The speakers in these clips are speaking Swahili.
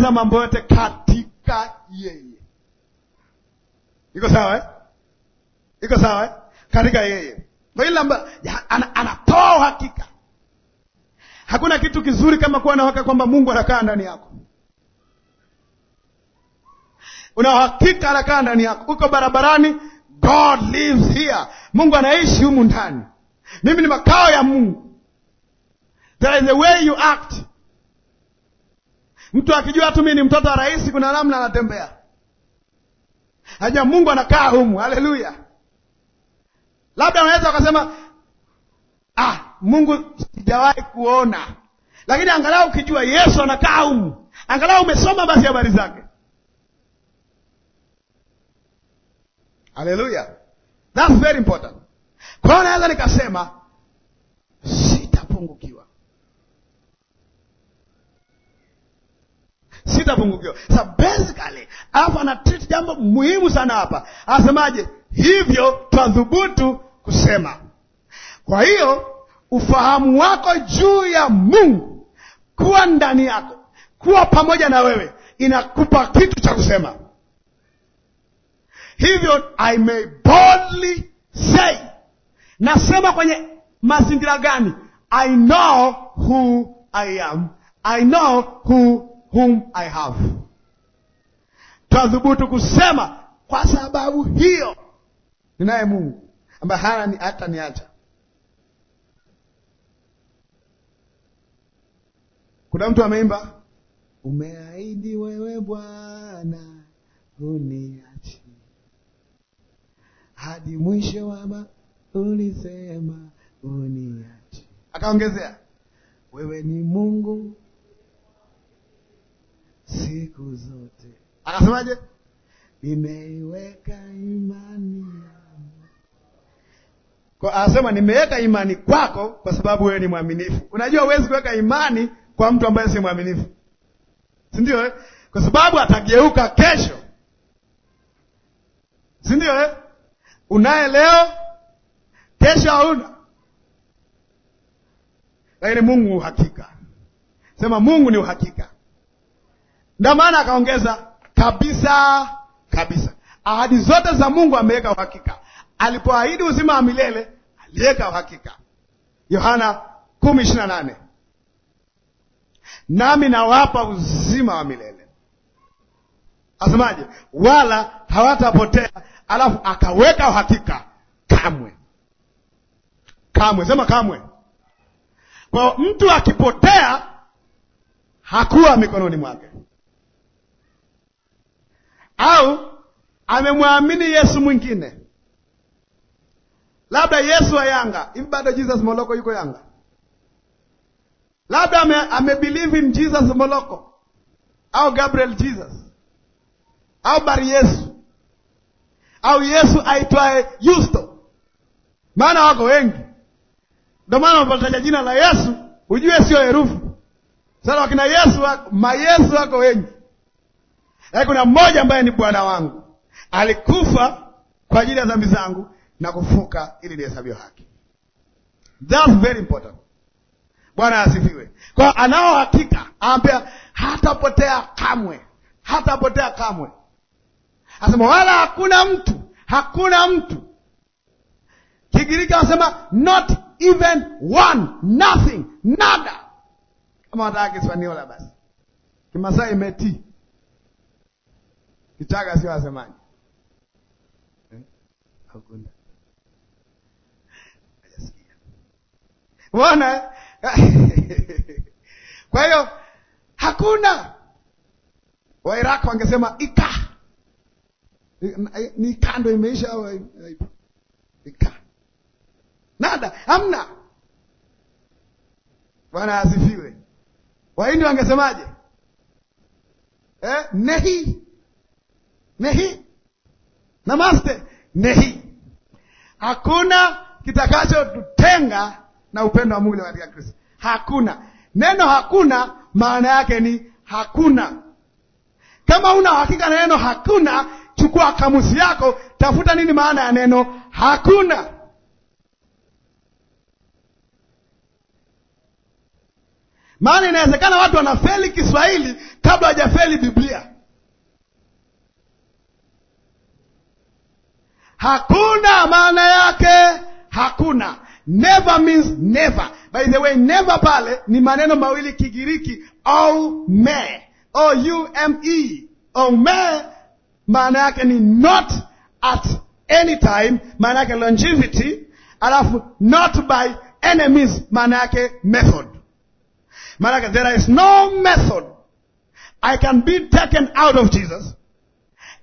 za mambo yote katika yeye. Iko sawa eh? Iko sawa eh? Katika yeye. Kwa hiyo ana, anatoa uhakika. Hakuna kitu kizuri kama kuwa na uhakika kwamba Mungu anakaa ndani yako. Una uhakika anakaa ndani yako. Uko barabarani, God lives here. Mungu anaishi humu ndani. Mimi ni makao ya Mungu. There is a way you act Mtu akijua tu mimi ni mtoto wa rais, kuna namna anatembea. Hajua Mungu anakaa humu. Haleluya! Labda unaweza ukasema ah, Mungu sijawahi kuona, lakini angalau ukijua Yesu anakaa humu, angalau umesoma basi habari zake. Haleluya, that's very important. Kwa hiyo naweza nikasema sitapungukiwa sitapungukiwa. Sa basically alafu treat jambo muhimu sana hapa, anasemaje? Hivyo twadhubutu kusema. Kwa hiyo ufahamu wako juu ya Mungu kuwa ndani yako, kuwa pamoja na wewe, inakupa kitu cha kusema. Hivyo I may boldly say, nasema kwenye mazingira gani? I know who I am, I know who whom I have. Twathubutu kusema kwa sababu hiyo ninaye Mungu ambaye hana ni hata niacha. Kuna mtu ameimba, umeahidi wewe Bwana uniachi hadi mwisho waba, ulisema uniachi. Akaongezea, wewe ni Mungu siku zote. Akasemaje? Nimeiweka imani yangu. Kwa anasema nimeweka imani kwako kwa sababu wewe ni mwaminifu. Unajua huwezi kuweka imani kwa mtu ambaye si mwaminifu. Si ndio eh? Kwa sababu atageuka kesho. Si ndio eh? Unaye leo kesho hauna. Lakini Mungu uhakika. Sema Mungu ni uhakika. Ndio maana akaongeza kabisa kabisa. Ahadi zote za Mungu ameweka uhakika. Alipoahidi uzima wa milele aliweka uhakika. Yohana 10:28 nami nawapa uzima wa milele asemaje? Wala hawatapotea. Alafu akaweka uhakika, kamwe kamwe, sema kamwe. Kwa mtu akipotea hakuwa mikononi mwake au amemwamini Yesu mwingine, labda Yesu wa Yanga. Hivi bado Jesus Moloko yuko Yanga? Labda ame, ame believe in Jesus Moloko au Gabriel Jesus au Bari Yesu au Yesu aitwaye Yusto, maana wako wengi. Ndio maana unapotaja jina la Yesu hujue sio herufi. Sasa wakina Yesu wako, mayesu wako wengi lakini kuna mmoja ambaye ni Bwana wangu alikufa kwa ajili ya dhambi zangu na kufuka ili nihesabiwe haki. That's very important. Bwana asifiwe. Kwa anao hakika, anambia hatapotea kamwe, hatapotea kamwe. Anasema wala hakuna mtu, hakuna mtu. Kigiriki anasema not even one, nothing, nada. Kama wataka Kiswahili basi. Kimasai imetii Kichaka sio asemaje? eh? Unaona? Eh? Kwa hiyo hakuna wairaq wangesema ika ni kando imeisha ika nada hamna. Bwana asifiwe. Wahindi wangesemaje eh? nehi Nehi namaste nehi, hakuna kitakachotutenga na upendo wa Mungu katika Kristo. Hakuna neno hakuna, maana yake ni hakuna. Kama una hakika na neno hakuna, chukua kamusi yako, tafuta nini maana ya neno hakuna. Maana inawezekana watu wanafeli Kiswahili kabla hawajafeli Biblia. Hakuna maana yake hakuna. Never means never. By the way, never pale ni maneno mawili Kigiriki, au me, o u m e, au me maana yake ni not at any time, maana yake longevity, alafu not by any means, maana yake method. Maana yake there is no method I can be taken out of Jesus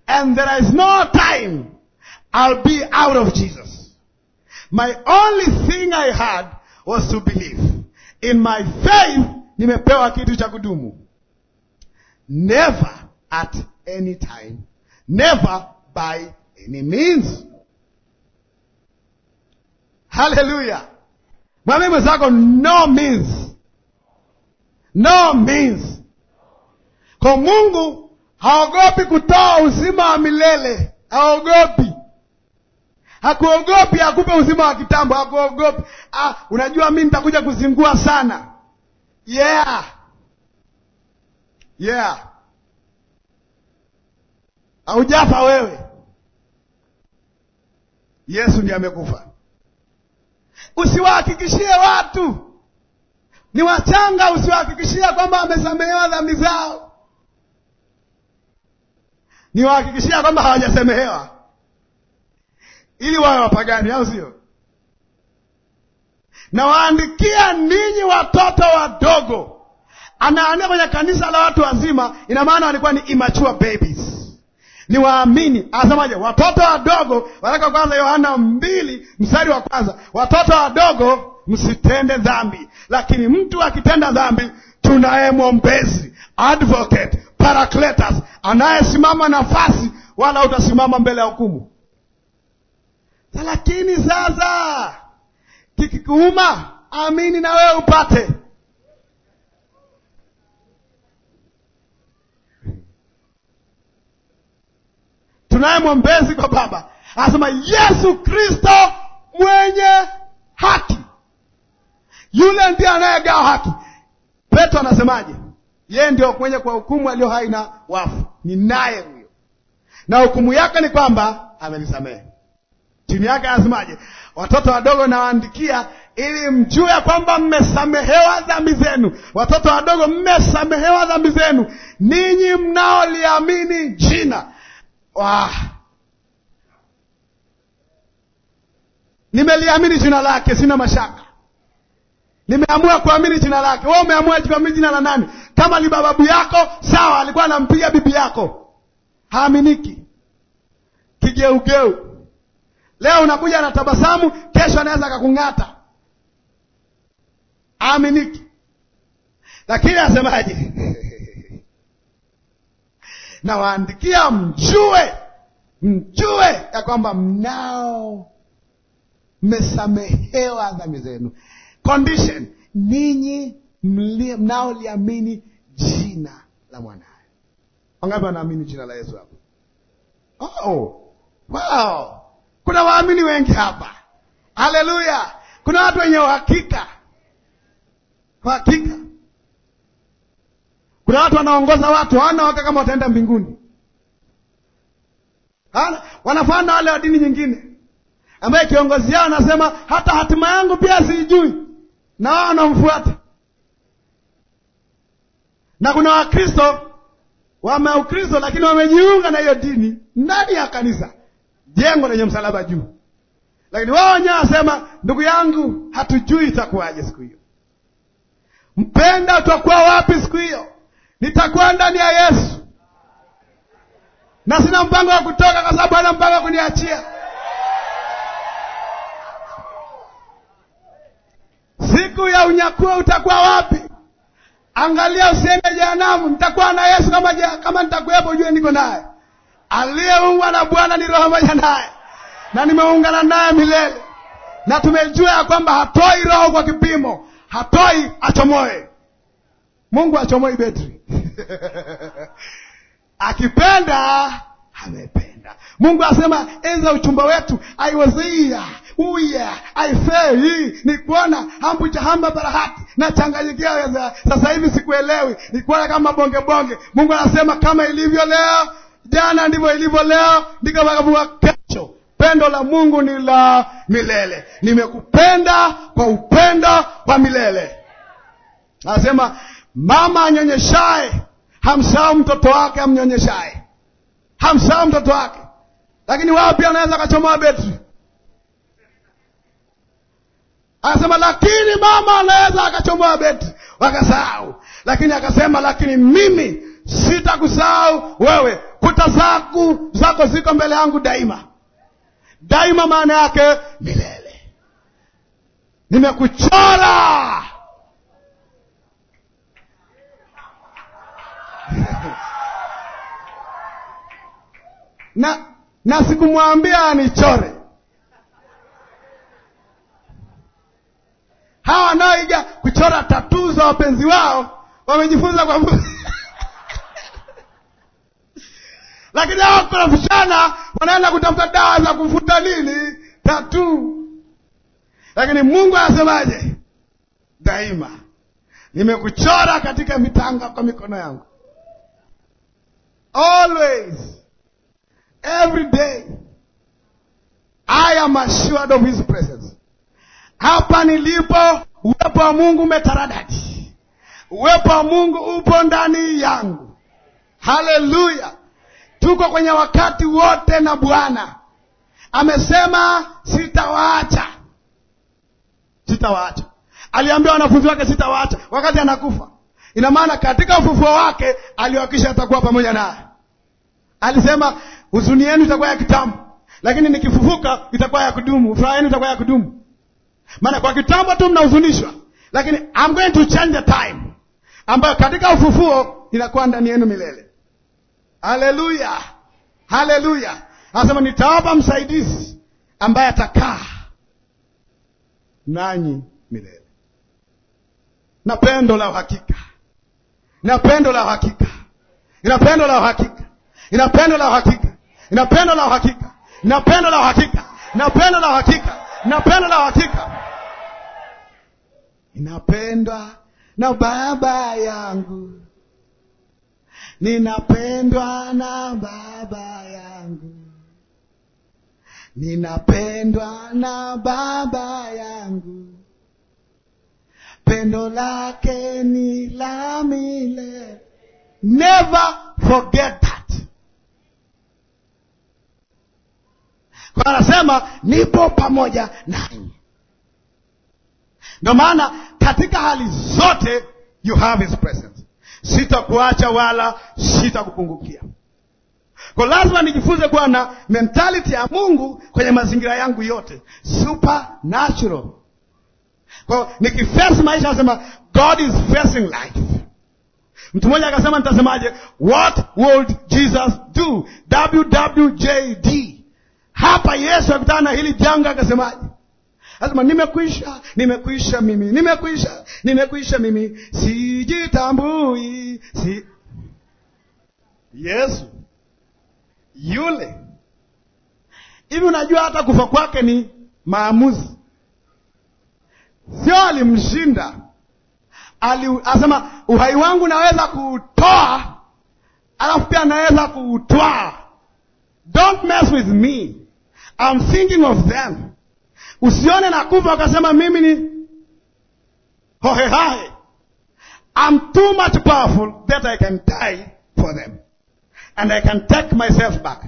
and there is no time I'll be out of Jesus. My only thing I had was to believe. In my faith nimepewa kitu cha kudumu. Never at any time, never by any means. Haleluya! Mwambie mwenzako no means, no means. Kwa Mungu haogopi kutoa uzima wa milele, haogopi hakuogopi akupe uzima wa kitambo, hakuogopi. Ah, unajua mi nitakuja kuzingua sana. Yeah, yeah, haujafa wewe. Yesu ndiye amekufa. Usiwahakikishie watu ni wachanga, usiwahakikishie kwamba wamesamehewa dhambi zao, niwahakikishia kwamba hawajasemehewa ili wawe wapagani, au sio? Nawaandikia ninyi watoto wadogo, anaandika kwenye kanisa la watu wazima. Ina maana walikuwa ni immature babies, ni waamini. Anasemaje? Watoto wadogo, waraka kwanza Yohana mbili mstari wa kwanza, watoto wadogo msitende dhambi, lakini mtu akitenda dhambi tunaye mwombezi, advocate, paracletus, anayesimama nafasi, wala utasimama mbele ya hukumu na lakini sasa kikikuuma, amini na wewe upate. Tunaye mwombezi kwa Baba, anasema Yesu Kristo mwenye haki, yule ndiye anayegawa haki. Petro anasemaje? Yeye ndio mwenye kwa hukumu aliyo hai na wafu, ni naye huyo, na hukumu yake ni kwamba amenisamehe chini yake anasemaje? Watoto wadogo nawaandikia ili mjue kwamba mmesamehewa dhambi zenu. Watoto wadogo, mmesamehewa dhambi zenu, ninyi mnaoliamini jina. Wow. Nimeliamini jina lake, sina mashaka. Nimeamua kuamini jina lake. Wewe umeamua kuamini jina la nani? Kama ni bababu yako, sawa, alikuwa anampiga bibi yako, haaminiki, kigeugeu Leo unakuja na tabasamu, kesho anaweza akakung'ata. Aaminiki. Lakini asemaje? Nawaandikia mjue, mjue ya kwamba mnao mmesamehewa dhambi zenu. Condition, ninyi mnaoliamini jina la mwanaye. Wangapi wanaamini jina la Yesu hapo? Oh, wow kuna waamini wengi hapa, haleluya. Kuna watu wenye uhakika, uhakika. Kuna watu wanaongoza watu hawana uhakika kama wataenda mbinguni, wanafana wale wa dini nyingine ambaye kiongozi yao anasema hata hatima yangu pia siijui, na wao wanamfuata. Na kuna Wakristo wame Ukristo lakini wamejiunga na hiyo dini ndani ya kanisa, jengo lenye msalaba juu. Lakini wao wenyewe wasema, ndugu yangu, hatujui itakuwaje siku hiyo. Mpenda utakuwa wapi siku hiyo? Nitakuwa ndani ya Yesu na sina mpango wa kutoka, kwa sababu ana mpango wa kuniachia. Siku ya unyakuo utakuwa wapi? Angalia usiende jehanamu. Nitakuwa na Yesu kama, kama nitakuwepo, ujue niko naye aliyeungwa na Bwana ni roho moja naye, na nimeungana naye milele, na tumejua ya kwamba hatoi roho kwa kipimo, hatoi achomoe. Mungu achomoi betri akipenda amependa. Mungu asema enza uchumba wetu, I was here, uya ni kuona nikuona cha hamba barahati na changanyikiwa, sasa hivi sikuelewi, nikuona kama bonge bonge. Mungu anasema kama ilivyo leo Jana ndivyo ilivyo leo, ndivyo kesho. Pendo la Mungu ni la milele. Nimekupenda kwa upendo wa milele. Anasema mama anyonyeshaye hamsahau mtoto wake amnyonyeshaye, hamsahau mtoto wake. Lakini wao pia anaweza akachomoa betri? Anasema lakini mama anaweza akachomoa betri, wakasahau. Lakini akasema, lakini mimi sitakusahau wewe, kuta zaku zako ziko mbele yangu daima daima, maana yake milele. Nimekuchora na na sikumwambia anichore. Hawa wanaoiga kuchora tatuu za wapenzi wao wamejifunza kwa lakini hao kutarafishana wanaenda kutafuta dawa za kufuta nini tatu. Lakini Mungu anasemaje? Daima nimekuchora katika mitanga kwa mikono yangu, always every day I am assured of his presence. Hapa nilipo, uwepo wa Mungu umetaradadi, uwepo wa Mungu upo ndani yangu. Haleluya! Tuko kwenye wakati wote na Bwana amesema sitawaacha, sitawaacha. Aliambia wanafunzi wake sitawaacha wakati anakufa. Ina maana katika ufufuo wake aliwakisha atakuwa pamoja naye. Alisema huzuni yenu itakuwa ya kitambo, lakini nikifufuka itakuwa ya kudumu, furaha yenu itakuwa ya kudumu. Maana kwa kitambo tu mnahuzunishwa, lakini I'm going to change the time ambayo katika ufufuo inakuwa ndani yenu milele. Haleluya, haleluya. Anasema nitawapa msaidizi ambaye atakaa nanyi milele, na pendo la uhakika, na pendo la uhakika, ina pendo la uhakika, ina pendo la uhakika, ina pendo la uhakika, ina pendo la uhakika, ina pendo la uhakika, ina pendo la uhakika, inapendwa na Baba yangu Ninapendwa na Baba yangu, ninapendwa na Baba yangu, pendo lake ni la milele. Never forget that. Kwa anasema nipo pamoja nanyi. Ndio maana katika hali zote you have his presence sitakuacha wala sitakupungukia. Kwa lazima nijifunze kuwa na mentality ya Mungu kwenye mazingira yangu yote, supernatural. Kwa nikifesi maisha, nasema God is facing life. Mtu mmoja akasema, nitasemaje? What would Jesus do? WWJD. Hapa Yesu akutana na hili janga akasemaje? Asema nimekwisha, nimekwisha mimi, nimekwisha, nimekwisha mimi, sijitambui si... Yesu yule. Hivi unajua hata kufa kwake ni maamuzi, sio alimshinda ali, asema uhai wangu naweza kuutoa, alafu pia naweza kuutwaa. Don't mess with me, I'm thinking of them Usione na kufa ukasema mimi ni hohehahe. I'm too much powerful that I can die for them and I can take myself back.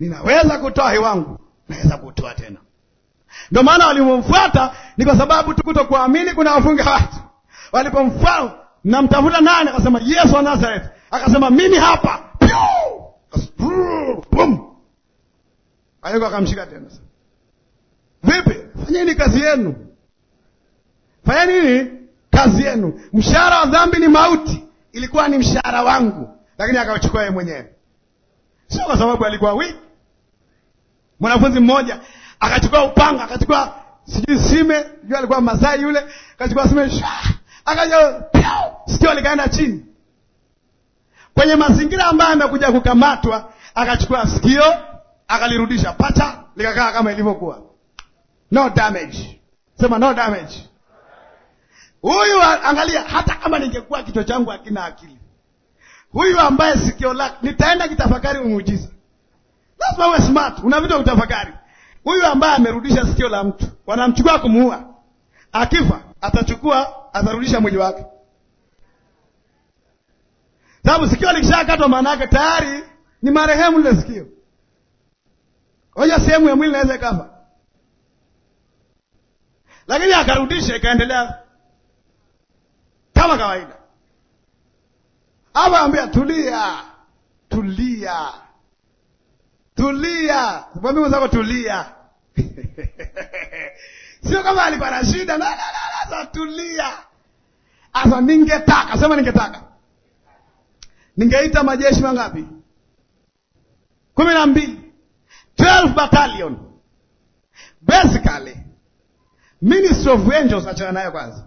Ninaweza kutoa hewangu, naweza kutoa tena. Ndio maana walimfuata ni kwa sababu tu kutokuamini kuna wafunga watu. Walipomfuata namtafuta nani, akasema Yesu wa Nazareth, akasema mimi hapa, akamshika tena. Vipi? Fanyeni kazi yenu, fanyeni nini kazi yenu. Mshahara wa dhambi ni mauti, ilikuwa ni mshahara wangu, lakini akachukua yeye mwenyewe, sio kwa sababu alikuwa wiki. Mwanafunzi mmoja akachukua upanga, akachukua sijui sime, jua alikuwa Masai yule, akachukua sime akaja, sikio likaenda chini kwenye mazingira ambayo amekuja kukamatwa, akachukua sikio akalirudisha pacha, likakaa kama ilivyokuwa no damage. Sema no damage. Huyu angalia, hata kama ningekuwa kichwa changu hakina akili, huyu ambaye sikio lake nitaenda kitafakari muujiza. Lazima uwe smart, una vitu kutafakari. Huyu ambaye amerudisha sikio la mtu, wanamchukua kumuua, akifa atachukua, atarudisha mwili wake, sababu sikio likishakatwa, maana yake tayari ni marehemu lile sikio. Hoja sehemu ya mwili inaweza ikafa lakini akarudisha ikaendelea kama kawaida. Awaambia tulia, tulia, tulia, mwambie mwenzako tulia. Sio kama alikuwa na shida la, la, la, la, tulia. Asa, ningetaka sema, ningetaka ningeita majeshi mangapi? kumi na mbili, 12 battalion basically Ministry of Angels achana nayo kwanza.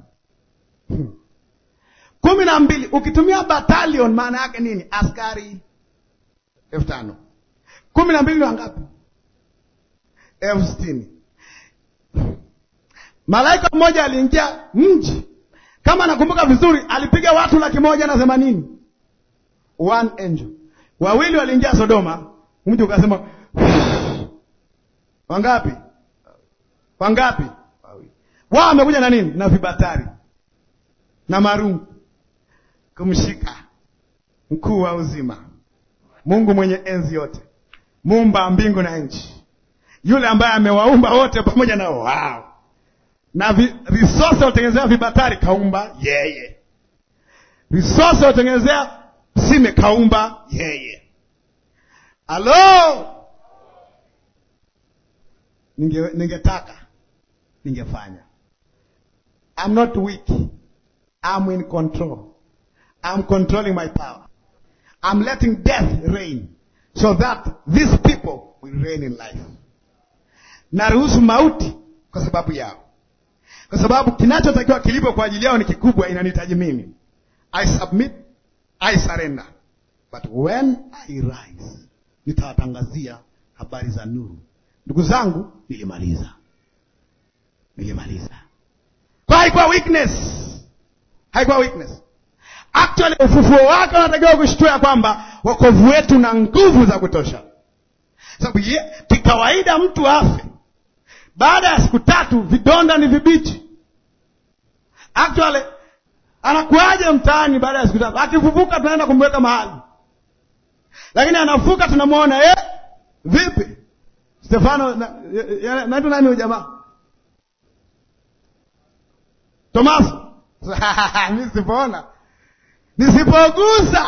kumi na mbili, ukitumia battalion maana yake nini? Askari elfu tano. Kumi na mbili ni wangapi? elfu sitini. Malaika mmoja aliingia mji, kama nakumbuka vizuri, alipiga watu laki moja na themanini. One angel, wawili waliingia Sodoma, mji ukasema wangapi? Wangapi? wao wamekuja na nini? Na vibatari na marungu kumshika mkuu wa uzima, Mungu mwenye enzi yote, muumba mbingu na nchi, yule ambaye amewaumba wote pamoja na wao na vi, risosi utengenezea vibatari kaumba yeye, yeah, yeah. sime kaumba yeye, yeah, halo Ningetaka ninge ningefanya I'm not weak. I'm in control. I'm controlling my power. I'm letting death reign so that these people will reign in life. Naruhusu mauti kwa sababu yao, kwa sababu kinachotakiwa kilipo kwa ajili yao ni kikubwa, inanihitaji mimi. I submit, I surrender. But when I rise, nitawatangazia habari za nuru. Ndugu zangu, nilimaliza, nilimaliza haikuwa weakness, haikuwa weakness. Actually ufufuo wake unatakiwa kushtua kwamba wokovu wetu na nguvu za kutosha, sababu kikawaida mtu afe baada ya siku tatu, vidonda ni vibichi. Actually anakuaje mtaani baada ya siku tatu? Akifufuka tunaenda kumweka mahali, lakini anafuka tunamwona eh, vipi Stefano, na, na, na jamaa? Tomaso, nisipoona, nisipogusa,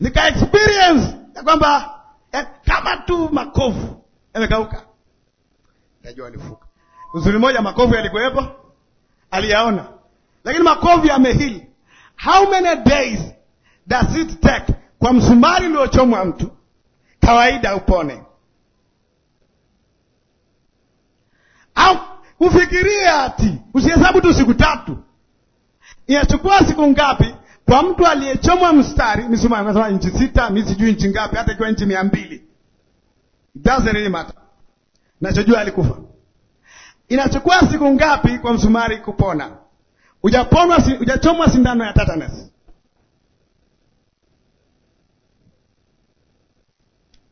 nika experience ya kwamba kama tu makovu yamekauka, najua alifuka. Uzuri mmoja, makovu yalikuwepo, aliyaona, lakini makovu yamehili. How many days does it take kwa msumari uliochomwa mtu kawaida upone? au Ufikiria ati usihesabu tu siku tatu, inachukua siku ngapi kwa mtu aliyechomwa mstari misuma? Nasema nchi sita, mi sijui nchi ngapi, hata ikiwa nchi mia mbili it doesn't really matter. Nachojua alikufa. Inachukua siku ngapi kwa msumari kupona? Ujaponwa, ujachomwa sindano ya tetanus.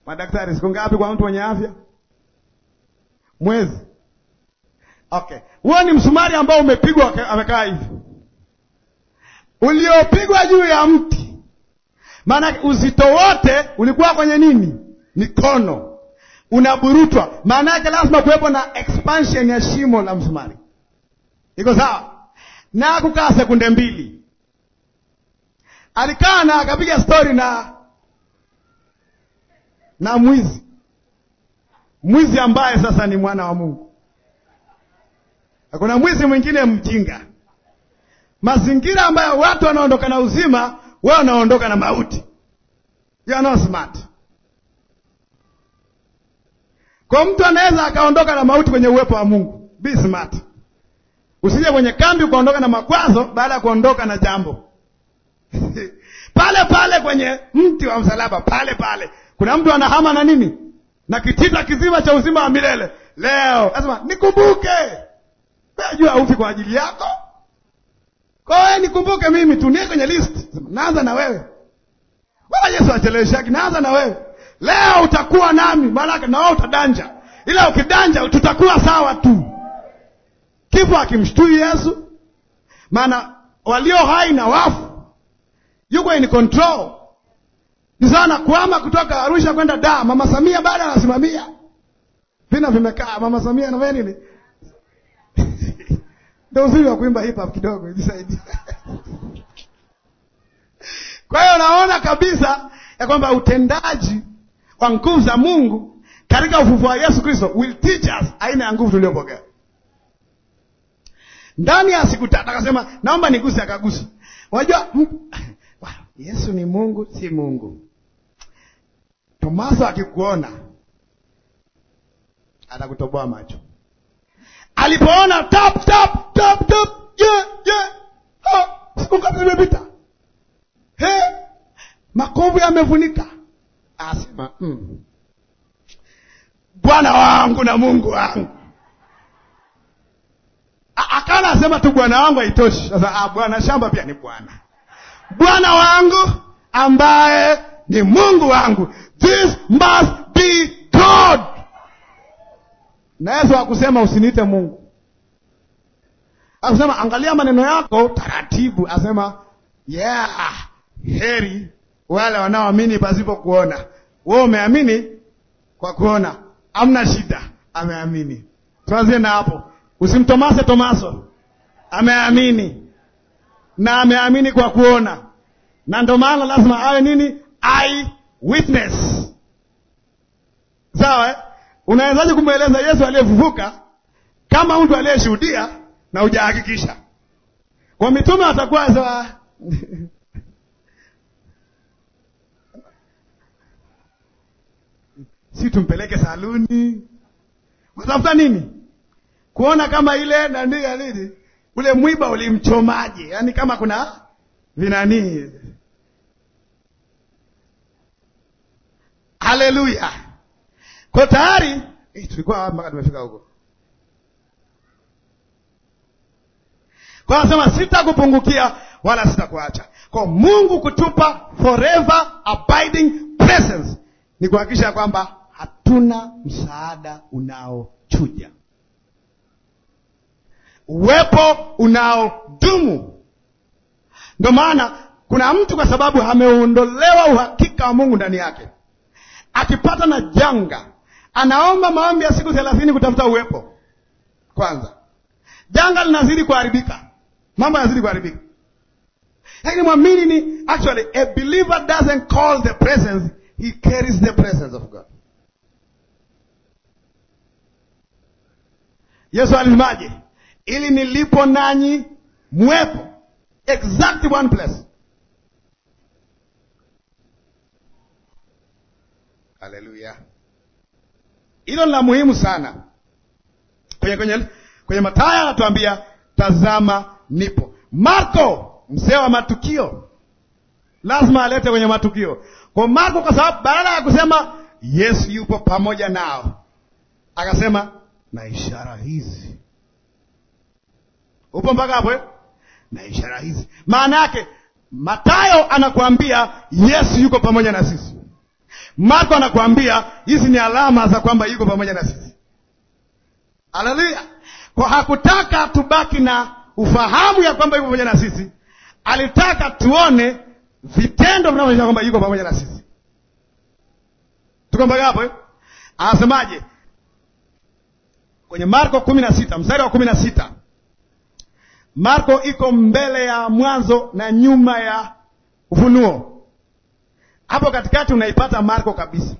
Madaktari, siku ngapi kwa mtu mwenye afya? Mwezi Okay, huo ni msumari ambao umepigwa, amekaa hivi, uliopigwa juu ya mti. Maana uzito wote ulikuwa kwenye nini? Mikono unaburutwa, maana yake lazima kuwepo na expansion ya shimo la msumari. Iko sawa? na kukaa sekunde mbili, alikaa na akapiga stori na na mwizi, mwizi ambaye sasa ni mwana wa Mungu. Hakuna mwizi mwingine mjinga. Mazingira ambayo watu wanaondoka na uzima, wewe unaondoka na mauti. You are not smart. Kwa mtu anaweza akaondoka na mauti kwenye uwepo wa Mungu. Be smart. Usije kwenye kambi ukaondoka na makwazo baada ya kuondoka na jambo. pale pale kwenye mti wa msalaba, pale pale kuna mtu anahama na nini na kitita kizima cha uzima wa milele leo, nasema nikumbuke najua ufi kwa ajili yako. Kwa hiyo nikumbuke mimi tu, niwe kwenye list. Naanza na wewe, wala Yesu acheleweshaki. Naanza na wewe leo, utakuwa nami maana na wewe utadanja, ila ukidanja tutakuwa sawa tu. Kifo akimshtui Yesu, maana walio hai na wafu yuko in control. Ni sana kuama kutoka Arusha kwenda Dar, Mama Samia bado anasimamia, vina vimekaa. Mama Samia anafanya nini? Ndio uzuri wa kuimba hip hop kidogo ilisaidi. Kwa hiyo naona kabisa ya kwamba utendaji wa nguvu za Mungu katika ufufuo wa Yesu Kristo will teach us aina ya nguvu tuliyopokea. Ndani ya siku tatu akasema, naomba niguse, akagusa. Unajua Yesu ni Mungu, si Mungu. Tomaso akikuona atakutoboa macho. Alipoona tap tap maovu yamefunika. Asema mm. Bwana wangu na Mungu wangu akana asema tu bwana wangu haitoshi. Sasa ah, bwana shamba pia ni bwana, bwana wangu ambaye ni Mungu wangu, this must be God. Na Yesu akusema usiniite Mungu, akusema angalia maneno yako taratibu, asema yeah, heri wale wanaoamini pasipo kuona. Wewe umeamini kwa kuona, amna shida, ameamini. Tuanzie na hapo, usimtomase Tomaso. Ameamini na ameamini kwa kuona, na ndio maana lazima awe nini? Eye witness. Sawa eh? Unawezaje kumweleza Yesu aliyefufuka kama mtu aliyeshuhudia na hujahakikisha? Kwa mitume watakuwa sawa si tumpeleke saluni. Unatafuta nini? Kuona kama ile nani nini, ule mwiba ulimchomaje? Yaani kama kuna vinani. Haleluya! Kwa tayari eh, tulikuwa wapi mpaka tumefika huko? Kwa anasema sitakupungukia wala sitakuacha. Kwa Mungu kutupa forever abiding presence ni kuhakikisha kwamba hatuna msaada unaochuja. Uwepo unaodumu. Ndio maana kuna mtu kwa sababu ameondolewa uhakika wa Mungu ndani yake, akipata na janga, anaomba maombi ya siku thelathini kutafuta uwepo kwanza. Janga linazidi kuharibika, mambo yanazidi kuharibika. Lakini mwamini ni actually a believer doesn't call the presence, he carries the presence of God. Yesu alisemaje? Ili nilipo nanyi mwepo exact one place. Haleluya! Hilo ni la muhimu sana. Kwenye, kwenye, kwenye Mathayo anatuambia tazama nipo. Marko mzee wa matukio lazima alete kwenye matukio kwa Marko, kwa sababu baada ya kusema Yesu yupo pamoja nao akasema na ishara hizi. Upo mpaka hapo eh? Na ishara hizi, maana yake Matayo anakuambia Yesu yuko pamoja na sisi. Marko anakuambia hizi ni alama za kwamba yuko pamoja na sisi. Haleluya! Kwa hakutaka tubaki na ufahamu ya kwamba yuko pamoja na sisi, alitaka tuone vitendo vinavyoonyesha kwamba yuko pamoja na sisi. Tuko mpaka hapo eh? Anasemaje? kwenye Marko kumi na sita mstari wa kumi na sita Marko iko mbele ya Mwanzo na nyuma ya Ufunuo. Hapo katikati unaipata Marko kabisa.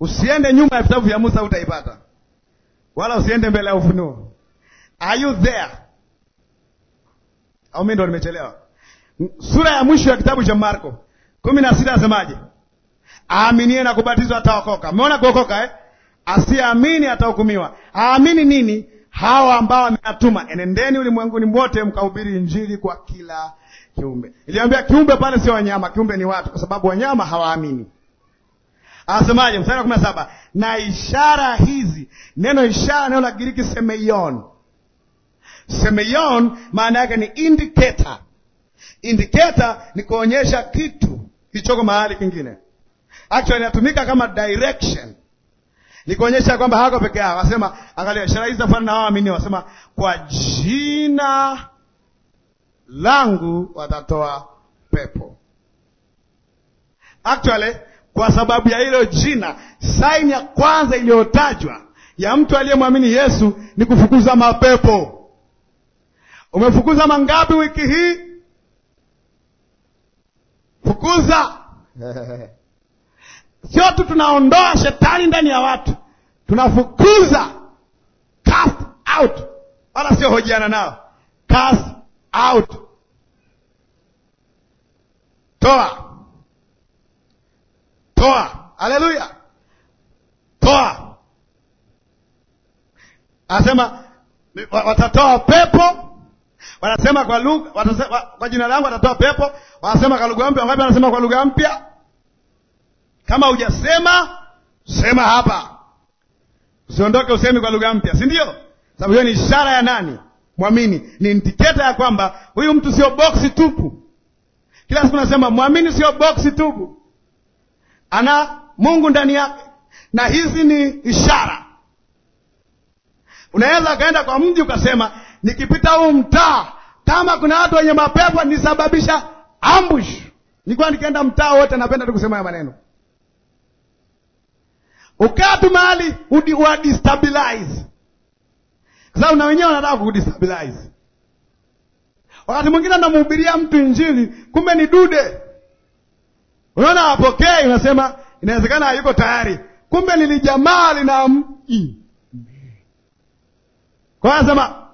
Usiende nyuma ya vitabu vya Musa utaipata, wala usiende mbele ya Ufunuo. Are you there? Au mimi ndo nimechelewa? Sura ya mwisho ya kitabu cha Marko kumi na sita nasemaje? Aaminie na kubatizwa ataokoka. Umeona kuokoka eh? asiyeamini atahukumiwa. Aamini nini? Hawa ambao ameatuma enendeni ulimwenguni mwote mkahubiri Injili kwa kila kiumbe. Iliambia kiumbe pale sio wanyama, kiumbe ni watu, kwa sababu wanyama hawaamini. Anasemaje mstari wa kumi na saba? Na ishara hizi, neno ishara, neno la Giriki semeion. Semeion maana yake ni indicator. Indicator ni kuonyesha kitu kilichoko mahali kingine, actually inatumika kama direction ni kuonyesha kwamba hako peke yao. Wasema angalia, ishara hizi zitafuatana na waamini, wasema kwa jina langu watatoa pepo. Actually, kwa sababu ya hilo jina, saini ya kwanza iliyotajwa ya mtu aliyemwamini Yesu ni kufukuza mapepo. Umefukuza mangapi wiki hii? Fukuza Sio tu tunaondoa shetani ndani ya watu, tunafukuza, cast out, wala sio hojiana nao, cast out, toa toa. Haleluya, toa. Anasema watatoa pepo wanasema kwa lugha, kwa jina langu watatoa pepo, wanasema kwa lugha mpya. Wangapi wanasema kwa lugha mpya? Kama hujasema sema hapa, usiondoke usemi kwa lugha mpya, si ndio? Sababu hiyo ni ishara ya nani? Mwamini. Ni indiketa ya kwamba huyu mtu sio boksi tupu. Kila siku nasema mwamini sio boksi tupu, ana Mungu ndani yake, na hizi ni ishara. Unaweza ukaenda kwa mji ukasema, nikipita huu mtaa kama kuna watu wenye mapepo nisababisha ambush. Nilikuwa nikienda mtaa wote, napenda tu kusema haya maneno Ukaa tu mahali wa destabilize, kwa sababu na wenyewe wanataka kudestabilize. Wakati mwingine anamhubiria mtu Injili, kumbe ni dude. Unaona hapokei, unasema inawezekana hayuko tayari, kumbe lili jamaa lina mji. Kwa hiyo anasema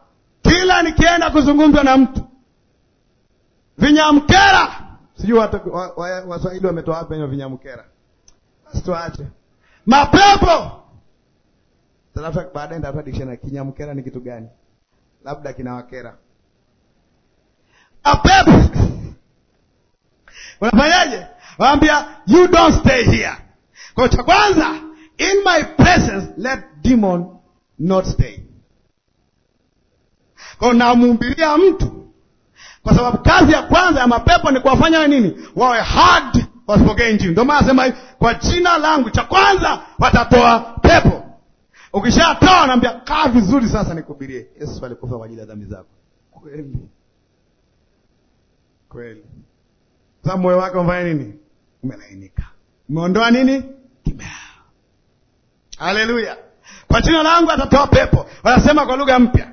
kila nikienda kuzungumza na mtu vinyamkera, sijui Waswahili wametoa wapi hiyo vinyamkera, basi tuache mapepo. Sasa baadaye nitatafuta dictionary kinyamkera ni kitu gani? Labda kinawakera. Apepo. Unafanyaje? Waambia you don't stay here. Kwa cha kwanza, in my presence let demon not stay. Kwa namhumbiria mtu kwa sababu kazi ya kwanza ya mapepo ni kuwafanya nini? Wawe hard wasipokee Injili. Ndio maana sema kwa jina langu cha kwanza watatoa pepo. Ukishatoa naambia kaa vizuri, sasa nikubirie. Yesu alikufa kwa ajili ya dhambi zako. Kweli kweli, sasa moyo wake umfanya nini? Umelainika, umeondoa nini? Kimea. Haleluya! Kwa jina langu atatoa pepo, wanasema kwa lugha mpya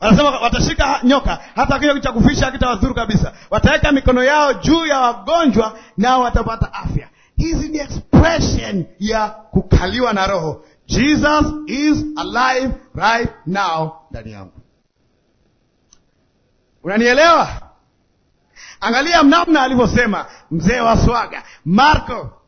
Anasema watashika nyoka, hata kinywa cha kufisha hakitawadhuru kabisa. Wataweka mikono yao juu ya wagonjwa, nao watapata afya. Hizi ni expression ya kukaliwa na Roho. Jesus is alive right now ndani yangu. Unanielewa? Angalia namna alivyosema mzee wa swaga Marko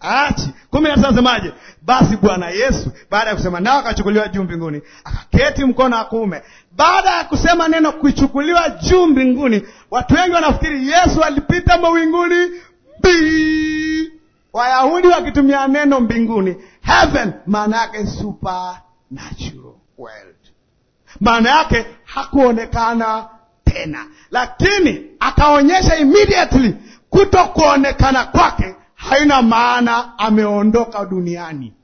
aachi kumi na tisa nasemaje? Basi Bwana Yesu baada ya kusema nao, akachukuliwa juu mbinguni, akaketi mkono wa kuume. Baada ya kusema neno kuchukuliwa juu mbinguni, watu wengi wanafikiri Yesu alipita mawinguni bi Wayahudi wakitumia neno mbinguni, heaven maana yake supernatural world, maana yake hakuonekana tena, lakini akaonyesha immediately kutokuonekana kwake haina maana ameondoka duniani.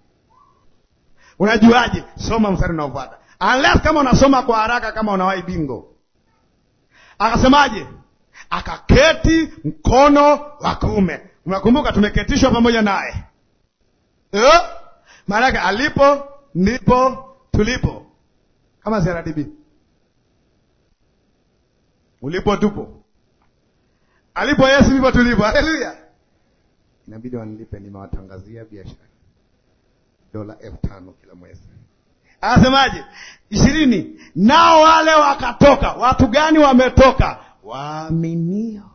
Unajuaje? Soma mstari unaofuata, unless kama unasoma kwa haraka kama unawahi bingo. Akasemaje? Akaketi mkono wa kuume. Unakumbuka tumeketishwa pamoja naye eh? Maana yake alipo ndipo tulipo, kama CRDB ulipo tupo, alipo Yesu ndipo tulipo. Haleluya! inabidi wanilipe, nimewatangazia biashara dola elfu tano kila mwezi. Anasemaje? ishirini. Nao wale wakatoka. Watu gani wametoka? Waaminio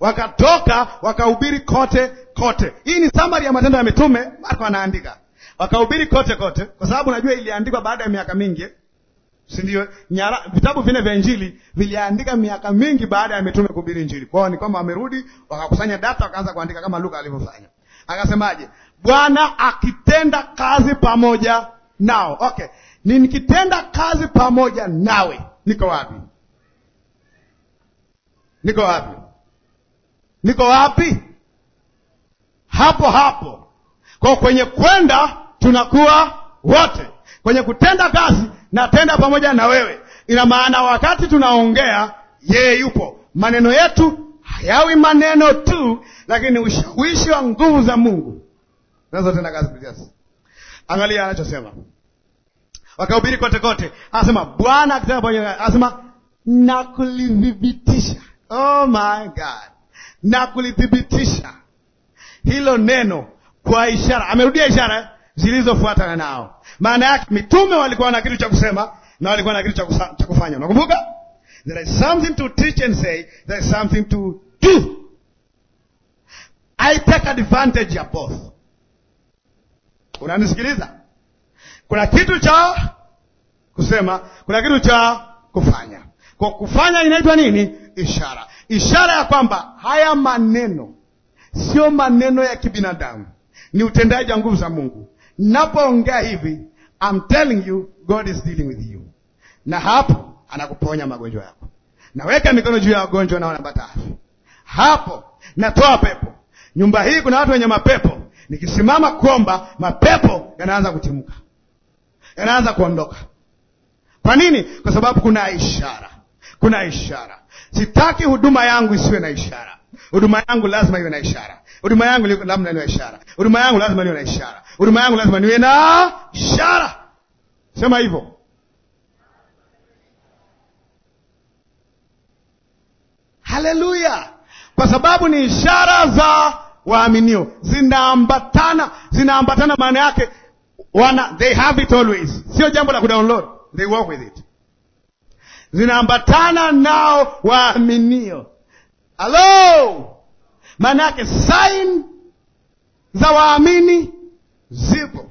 wakatoka wakahubiri kote kote. Hii ni samari ya Matendo ya Mitume. Marko anaandika wakahubiri kote kote, kwa sababu najua iliandikwa baada ya miaka mingi si ndio? Nyara vitabu vine vya Injili viliandika miaka mingi baada ya mitume kuhubiri Injili. Kwa hiyo ni kwamba wamerudi wakakusanya data wakaanza kuandika kama Luka alivyofanya. Akasemaje? Bwana akitenda kazi pamoja nao. Okay, ni nikitenda kazi pamoja nawe, niko wapi? Niko wapi? Niko wapi? Hapo hapo. Kwa kwenye kwenda tunakuwa wote, kwenye kutenda kazi natenda pamoja na wewe. Ina maana wakati tunaongea, yeye yupo. Maneno yetu hayawi maneno tu, lakini ushawishi wa nguvu za Mungu zinazotenda kazi kupitia sisi. Angalia anachosema, wakahubiri kote kote, anasema Bwana akisema pamoja, anasema nakulithibitisha Oh my God, na hilo neno kwa ishara. Amerudia ishara eh? zilizofuatana nao. Maana yake mitume walikuwa na kitu cha kusema na walikuwa na kitu cha kufanya. Unakumbuka? There is something to teach and say, there is something to do. I take advantage of both. Unanisikiliza? Kuna kitu cha kusema, kuna kitu cha kufanya. Kwa kufanya inaitwa nini? Ishara. Ishara ya kwamba haya maneno sio maneno ya kibinadamu, ni utendaji wa nguvu za Mungu napoongea hivi, I'm telling you God is dealing with you, na hapo anakuponya magonjwa yako. Naweka mikono juu ya wagonjwa na wanapata afya. Hapo natoa pepo. Nyumba hii kuna watu wenye mapepo. Nikisimama kuomba, mapepo yanaanza kutimka yanaanza kuondoka. Kwa nini? Kwa sababu kuna ishara, kuna ishara. Sitaki huduma yangu isiwe na ishara. Huduma yangu lazima iwe na ishara. Huduma yangu lazima iwe na ishara. Huduma yangu lazima iwe na ishara. Huduma yangu lazima niwe na ishara. Sema hivyo. Haleluya! Kwa sababu ni ishara za waaminio, zinaambatana, zinaambatana. Maana yake wana, they have it always, sio jambo la kudownload, they work with it, zinaambatana nao waaminio. Halo, maana yake sain za waamini zipo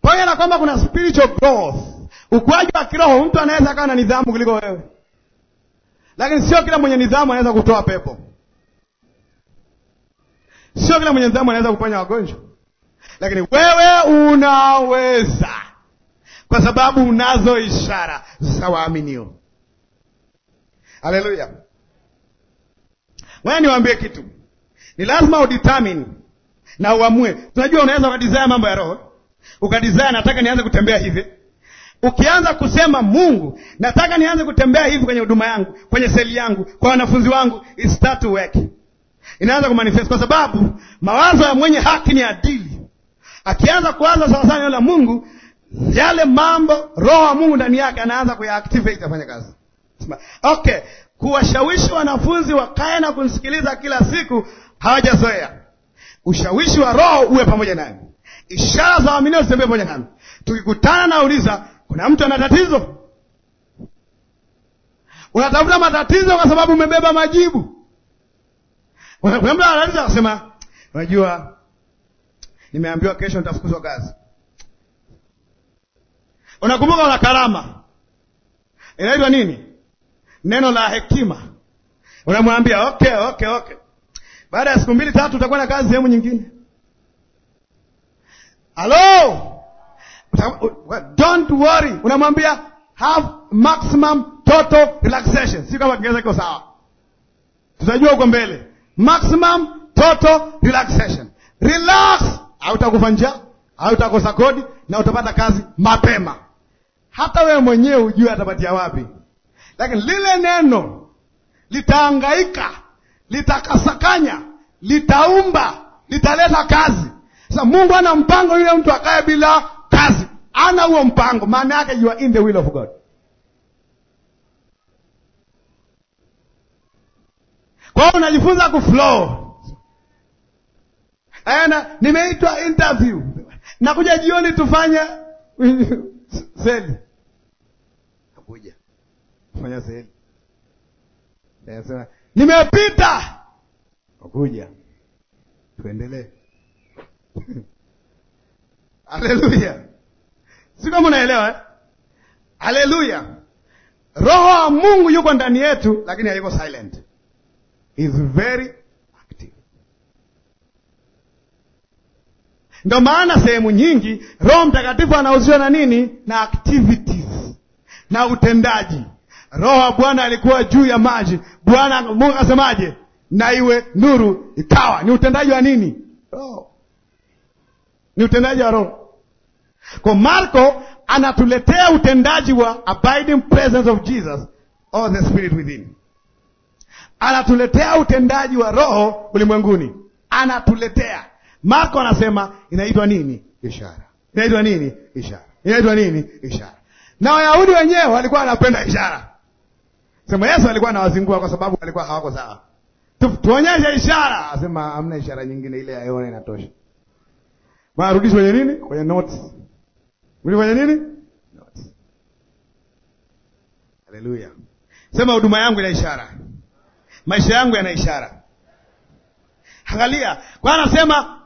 pamoja na kwamba kuna spiritual growth, ukuaji wa kiroho. Mtu anaweza akawa na nidhamu kuliko wewe, lakini sio kila mwenye nidhamu anaweza kutoa pepo. Sio kila mwenye nidhamu anaweza kuponya wagonjwa, lakini wewe unaweza, kwa sababu unazo ishara za waaminio. Haleluya! Wewe niwaambie kitu, ni lazima udetermine na uamue. Tunajua unaweza ukadesire mambo ya roho, ukadesire, nataka nianze kutembea hivi. Ukianza kusema Mungu, nataka nianze kutembea hivi kwenye huduma yangu, kwenye seli yangu, kwa wanafunzi wangu, it start to work, inaanza kumanifest, kwa sababu mawazo ya mwenye haki ni adili. Akianza kuwaza sawasawa neno la Mungu, yale mambo roho wa Mungu ndani yake anaanza kuyaactivate afanye kazi. Okay, kuwashawishi wanafunzi wakae na kumsikiliza kila siku hawajazoea. Ushawishi wa Roho uwe pamoja naye, ishara za waaminio zitembee pamoja nami. Tukikutana nauliza, kuna mtu ana tatizo? Unatafuta matatizo kwa sababu umebeba majibu. Kuna mtu anatatizo, akasema, unajua, nimeambiwa kesho nitafukuzwa kazi. Unakumbuka una karama inaitwa nini? neno la hekima, unamwambia okay, okay, okay. Baada ya siku mbili tatu utakuwa na kazi sehemu nyingine. Halo, don't worry, unamwambia have maximum total relaxation. Si kama Kiingereza kiko sawa, tutajua huko mbele. Maximum total relaxation, relax au utakufa njaa au utakosa kodi na utapata kazi mapema. Hata wewe mwenyewe hujue atapatia wapi lakini lile neno litaangaika, litakasakanya, litaumba, litaleta kazi. Sasa Mungu ana mpango yule mtu akaye bila kazi, ana huo mpango. Maana yake you are in the will of God. Kwa hiyo unajifunza kuflow. Ana nimeitwa interview, nakuja jioni tufanye seli kufanya sehemu anasema nimepita, akuja tuendelee. Haleluya, si kama unaelewa eh? haleluya Roho wa Mungu yuko ndani yetu, lakini hayuko silent, is very active. Ndio maana sehemu nyingi Roho Mtakatifu anahusishwa na nini? Na activities na utendaji Roho wa Bwana alikuwa juu ya maji. Bwana Mungu asemaje? Na iwe nuru, ikawa. Ni utendaji wa nini? Roho. Ni utendaji wa Roho. Kwa Marko anatuletea utendaji wa abiding presence of Jesus or the spirit within. Anatuletea utendaji wa Roho ulimwenguni, anatuletea Marko anasema inaitwa nini? Ishara. Inaitwa nini? Ishara. Inaitwa nini? Ishara. Na Wayahudi wenyewe walikuwa wanapenda ishara. Sema Yesu alikuwa anawazingua kwa sababu alikuwa hawako sawa. tuonyeshe ishara. Asema amna ishara nyingine ile ya Yohana inatosha. Bwana kwenye nini? Kwenye notes. Mimi kwenye nini? Notes. Haleluya. Sema huduma yangu ina ishara. Maisha yangu yana ishara. Angalia, kwa anasema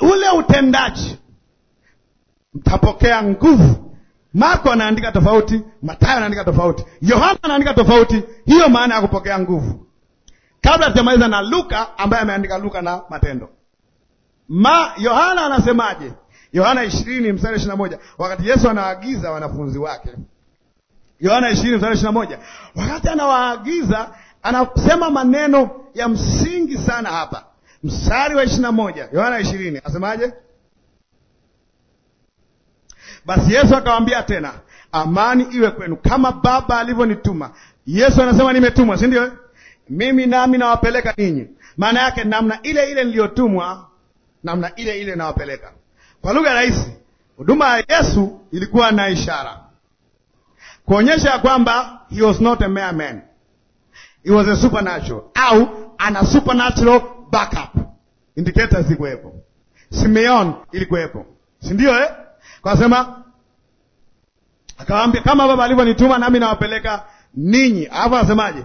ule utendaji mtapokea nguvu Marko anaandika tofauti, Mathayo anaandika tofauti, Yohana anaandika tofauti. Hiyo maana ya kupokea nguvu. Kabla sijamaliza na Luka ambaye ameandika Luka na Matendo. Ma Yohana anasemaje? Yohana 20 mstari ishirini moja wakati Yesu anawaagiza wanafunzi wake. Yohana 20 mstari ishirini moja wakati anawaagiza anasema maneno ya msingi sana hapa. Mstari wa 21, Yohana 20 asemaje? Basi Yesu akawaambia tena, amani iwe kwenu, kama Baba alivyonituma. Yesu anasema nimetumwa, si ndio? Mimi nami nawapeleka ninyi. Maana yake namna ile ile niliyotumwa, namna ile ile nawapeleka. Kwa lugha rahisi, huduma ya Yesu ilikuwa na ishara kuonyesha ya kwamba he was not a mere man, he was a supernatural, au ana supernatural backup. Indicators zilikuwepo, Simeon ilikuwepo, si ndio eh? Kwa sema akawaambia, kama Baba alivyonituma nami nawapeleka ninyi. Alafu anasemaje?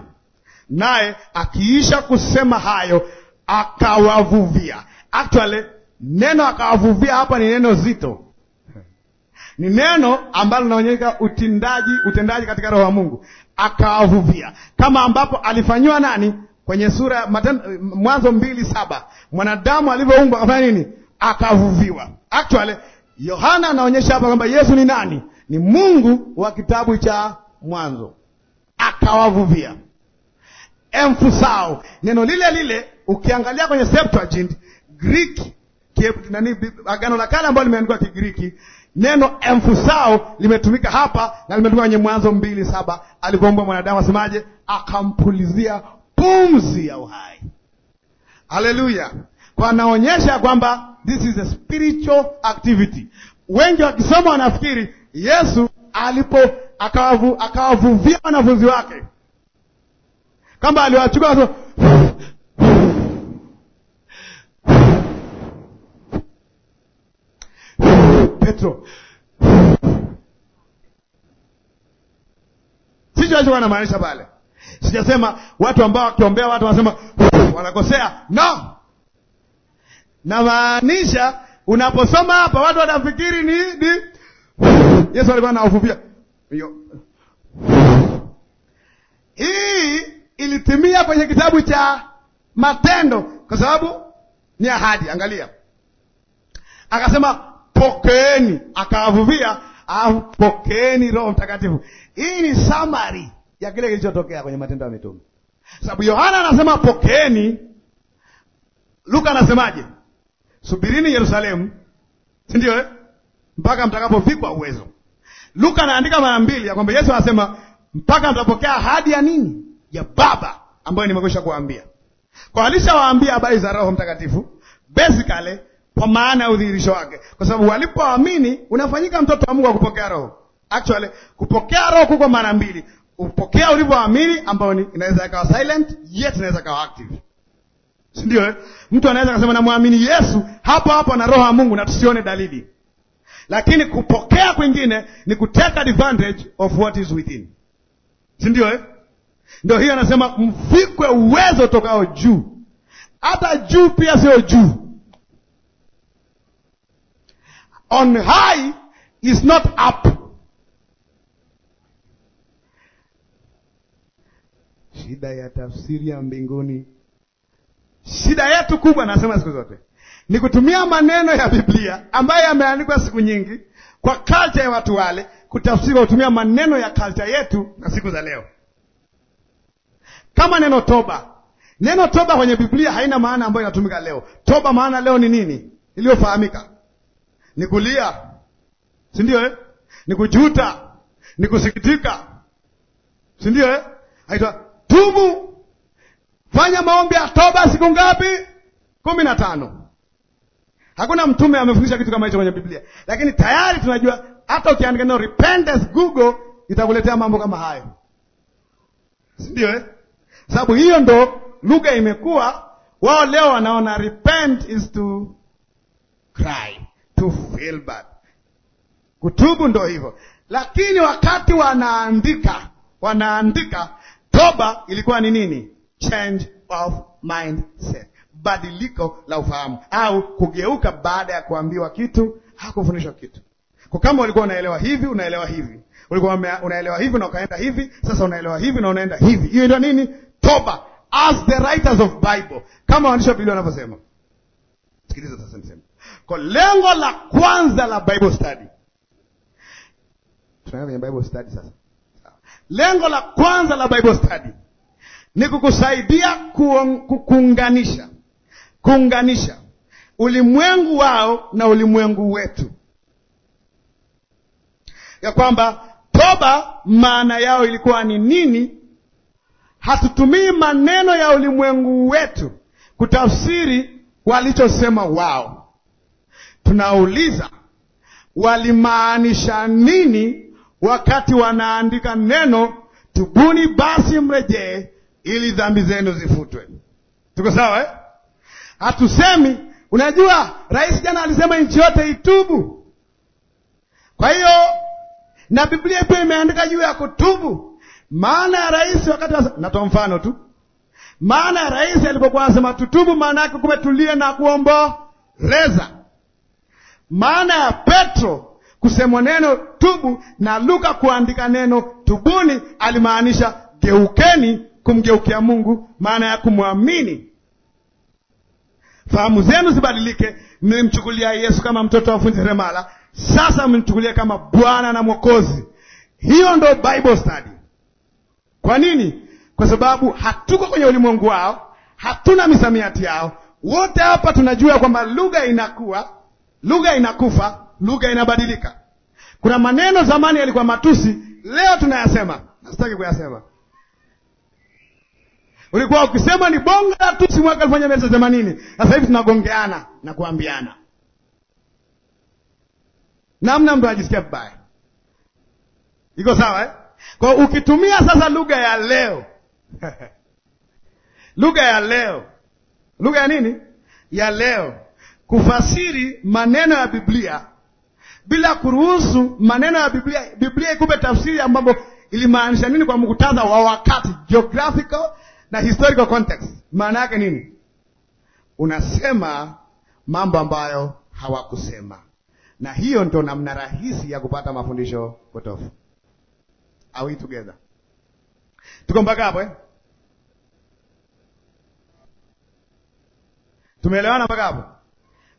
Naye akiisha kusema hayo akawavuvia. Actually neno akawavuvia hapa ni neno zito, ni neno ambalo linaonyesha utendaji, utendaji katika roho ya Mungu. Akawavuvia kama ambapo alifanyiwa nani kwenye sura Mwanzo mbili saba mwanadamu alivyoumbwa akafanya nini? Akavuviwa. Actually Yohana anaonyesha hapa kwamba Yesu ni nani? Ni Mungu wa kitabu cha Mwanzo. Akawavuvia emfusao, neno lile lile ukiangalia kwenye Septuagint Greek nani, Agano la Kale ambalo limeandikwa Kigiriki, neno emfusao limetumika hapa na limetumika kwenye Mwanzo mbili saba alipoumbwa mwanadamu, asemaje? Akampulizia pumzi ya uhai. Haleluya! kwanaonyesha kwamba this is a spiritual activity. Wengi wakisoma wanafikiri Yesu alipo akawavuvia wanafunzi wake kwamba aliwachukua Petro sicho pale. Sijasema watu ambao wakiombea watu wanasema wanakosea, no Namaanisha unaposoma hapa watu wanafikiri ni, ni Yesu alikuwa anawafufia. Hii ilitimia kwenye kitabu cha Matendo kwa sababu ni ahadi. Angalia, akasema pokeeni, akawavuvia, alafu pokeeni Roho Mtakatifu. Hii ni summary ya kile kilichotokea kwenye Matendo ya Mitume, sababu Yohana anasema pokeeni, Luka anasemaje? Subirini Yerusalemu, si ndio eh? Mpaka mtakapovikwa uwezo. Luka anaandika mara mbili ya kwamba Yesu anasema mpaka mtapokea ahadi ya nini? Ya Baba ambayo nimekwisha kuambia. Kwa alishawaambia habari za Roho Mtakatifu basically kwa maana ya udhihirisho wake, kwa sababu walipoamini unafanyika mtoto wa Mungu kupokea Roho. Actually kupokea Roho kuko mara mbili, upokea ulivyoamini, ambayo inaweza ikawa silent, yes, inaweza ikawa active si ndio eh? Mtu anaweza akasema namwamini Yesu hapo hapo na roho ya Mungu na tusione dalili, lakini kupokea kwingine ni kuteka advantage of what is within, si ndio eh? Ndio hiyo anasema mvikwe uwezo tokao juu. Hata juu pia sio juu, on high is not up. Shida ya tafsiri ya mbinguni Shida yetu kubwa, nasema siku zote, ni kutumia maneno ya Biblia ambayo yameandikwa siku nyingi kwa kalcha ya watu wale, kutafsiri kwa kutumia maneno ya kalcha yetu na siku za leo, kama neno toba. Neno toba kwenye Biblia haina maana ambayo inatumika leo. Toba maana leo ni nini iliyofahamika? Ni kulia, si ndio eh? Ni kujuta, ni kusikitika, si ndio eh? Haitwa tubu Fanya maombi ya toba siku ngapi? kumi na tano. Hakuna mtume amefundisha kitu kama hicho kwenye Biblia, lakini tayari tunajua hata ukiandika neno repentance Google itakuletea mambo kama hayo, si ndio? Eh, sababu hiyo ndo lugha imekuwa wao. Leo wanaona repent is to cry to feel bad, kutubu ndo hivyo, lakini wakati wanaandika wanaandika toba ilikuwa ni nini? change of mindset, badiliko la ufahamu au kugeuka baada ya kuambiwa kitu au kufundishwa kitu. Kwa kama ulikuwa unaelewa hivi, unaelewa hivi, ulikuwa unaelewa hivi na ukaenda hivi, sasa unaelewa hivi na unaenda hivi, hiyo ndio nini? Toba, as the writers of Bible, kama waandishi wa Biblia wanavyosema. Sikiliza sasa, niseme kwa lengo la kwanza la Bible study. Tunaenda kwenye Bible study sasa. Lengo la kwanza la Bible study ni kukusaidia kuunganisha, kuunganisha ulimwengu wao na ulimwengu wetu, ya kwamba toba maana yao ilikuwa ni nini? Hatutumii maneno ya ulimwengu wetu kutafsiri walichosema wao, tunauliza walimaanisha nini wakati wanaandika neno tubuni basi mrejee ili dhambi zenu zifutwe. Tuko sawa eh? Hatusemi, unajua rais jana alisema nchi yote itubu. Kwa hiyo na Biblia pia imeandika juu ya kutubu. Maana ya rais wakati wa... natoa mfano tu, maana ya rais alipokuwa anasema tutubu, maana yake tulie na kuomboleza. Maana ya Petro kusema neno tubu na Luka kuandika neno tubuni, alimaanisha geukeni kumgeukia Mungu, maana ya kumwamini. Fahamu zenu zibadilike. Mlimchukulia Yesu kama mtoto wa fundi seremala, sasa mlimchukulie kama Bwana na Mwokozi. Hiyo ndo Bible study. Kwa nini? Kwa sababu hatuko kwenye ulimwengu wao, hatuna misamiati yao. Wote hapa tunajua kwamba lugha inakuwa, lugha inakufa, lugha inabadilika. Kuna maneno zamani yalikuwa matusi, leo tunayasema. Nasitaki kuyasema. Ulikuwa ukisema ni bonga la tusi mwaka elfu moja mia tisa themanini. Sasa hivi tunagongeana na kuambiana namna mtu anajisikia vibaya. Iko sawa eh? Kwa ukitumia sasa lugha ya leo lugha ya leo, lugha ya nini ya leo, kufasiri maneno ya Biblia bila kuruhusu maneno ya Biblia Biblia ikupe tafsiri ya mambo ilimaanisha nini kwa muktadha wa wakati, geographical na historical context. Maana yake nini? Unasema mambo ambayo hawakusema, na hiyo ndio namna rahisi ya kupata mafundisho potofu. Are we together? Tuko mpaka hapo eh? Tumeelewana mpaka hapo?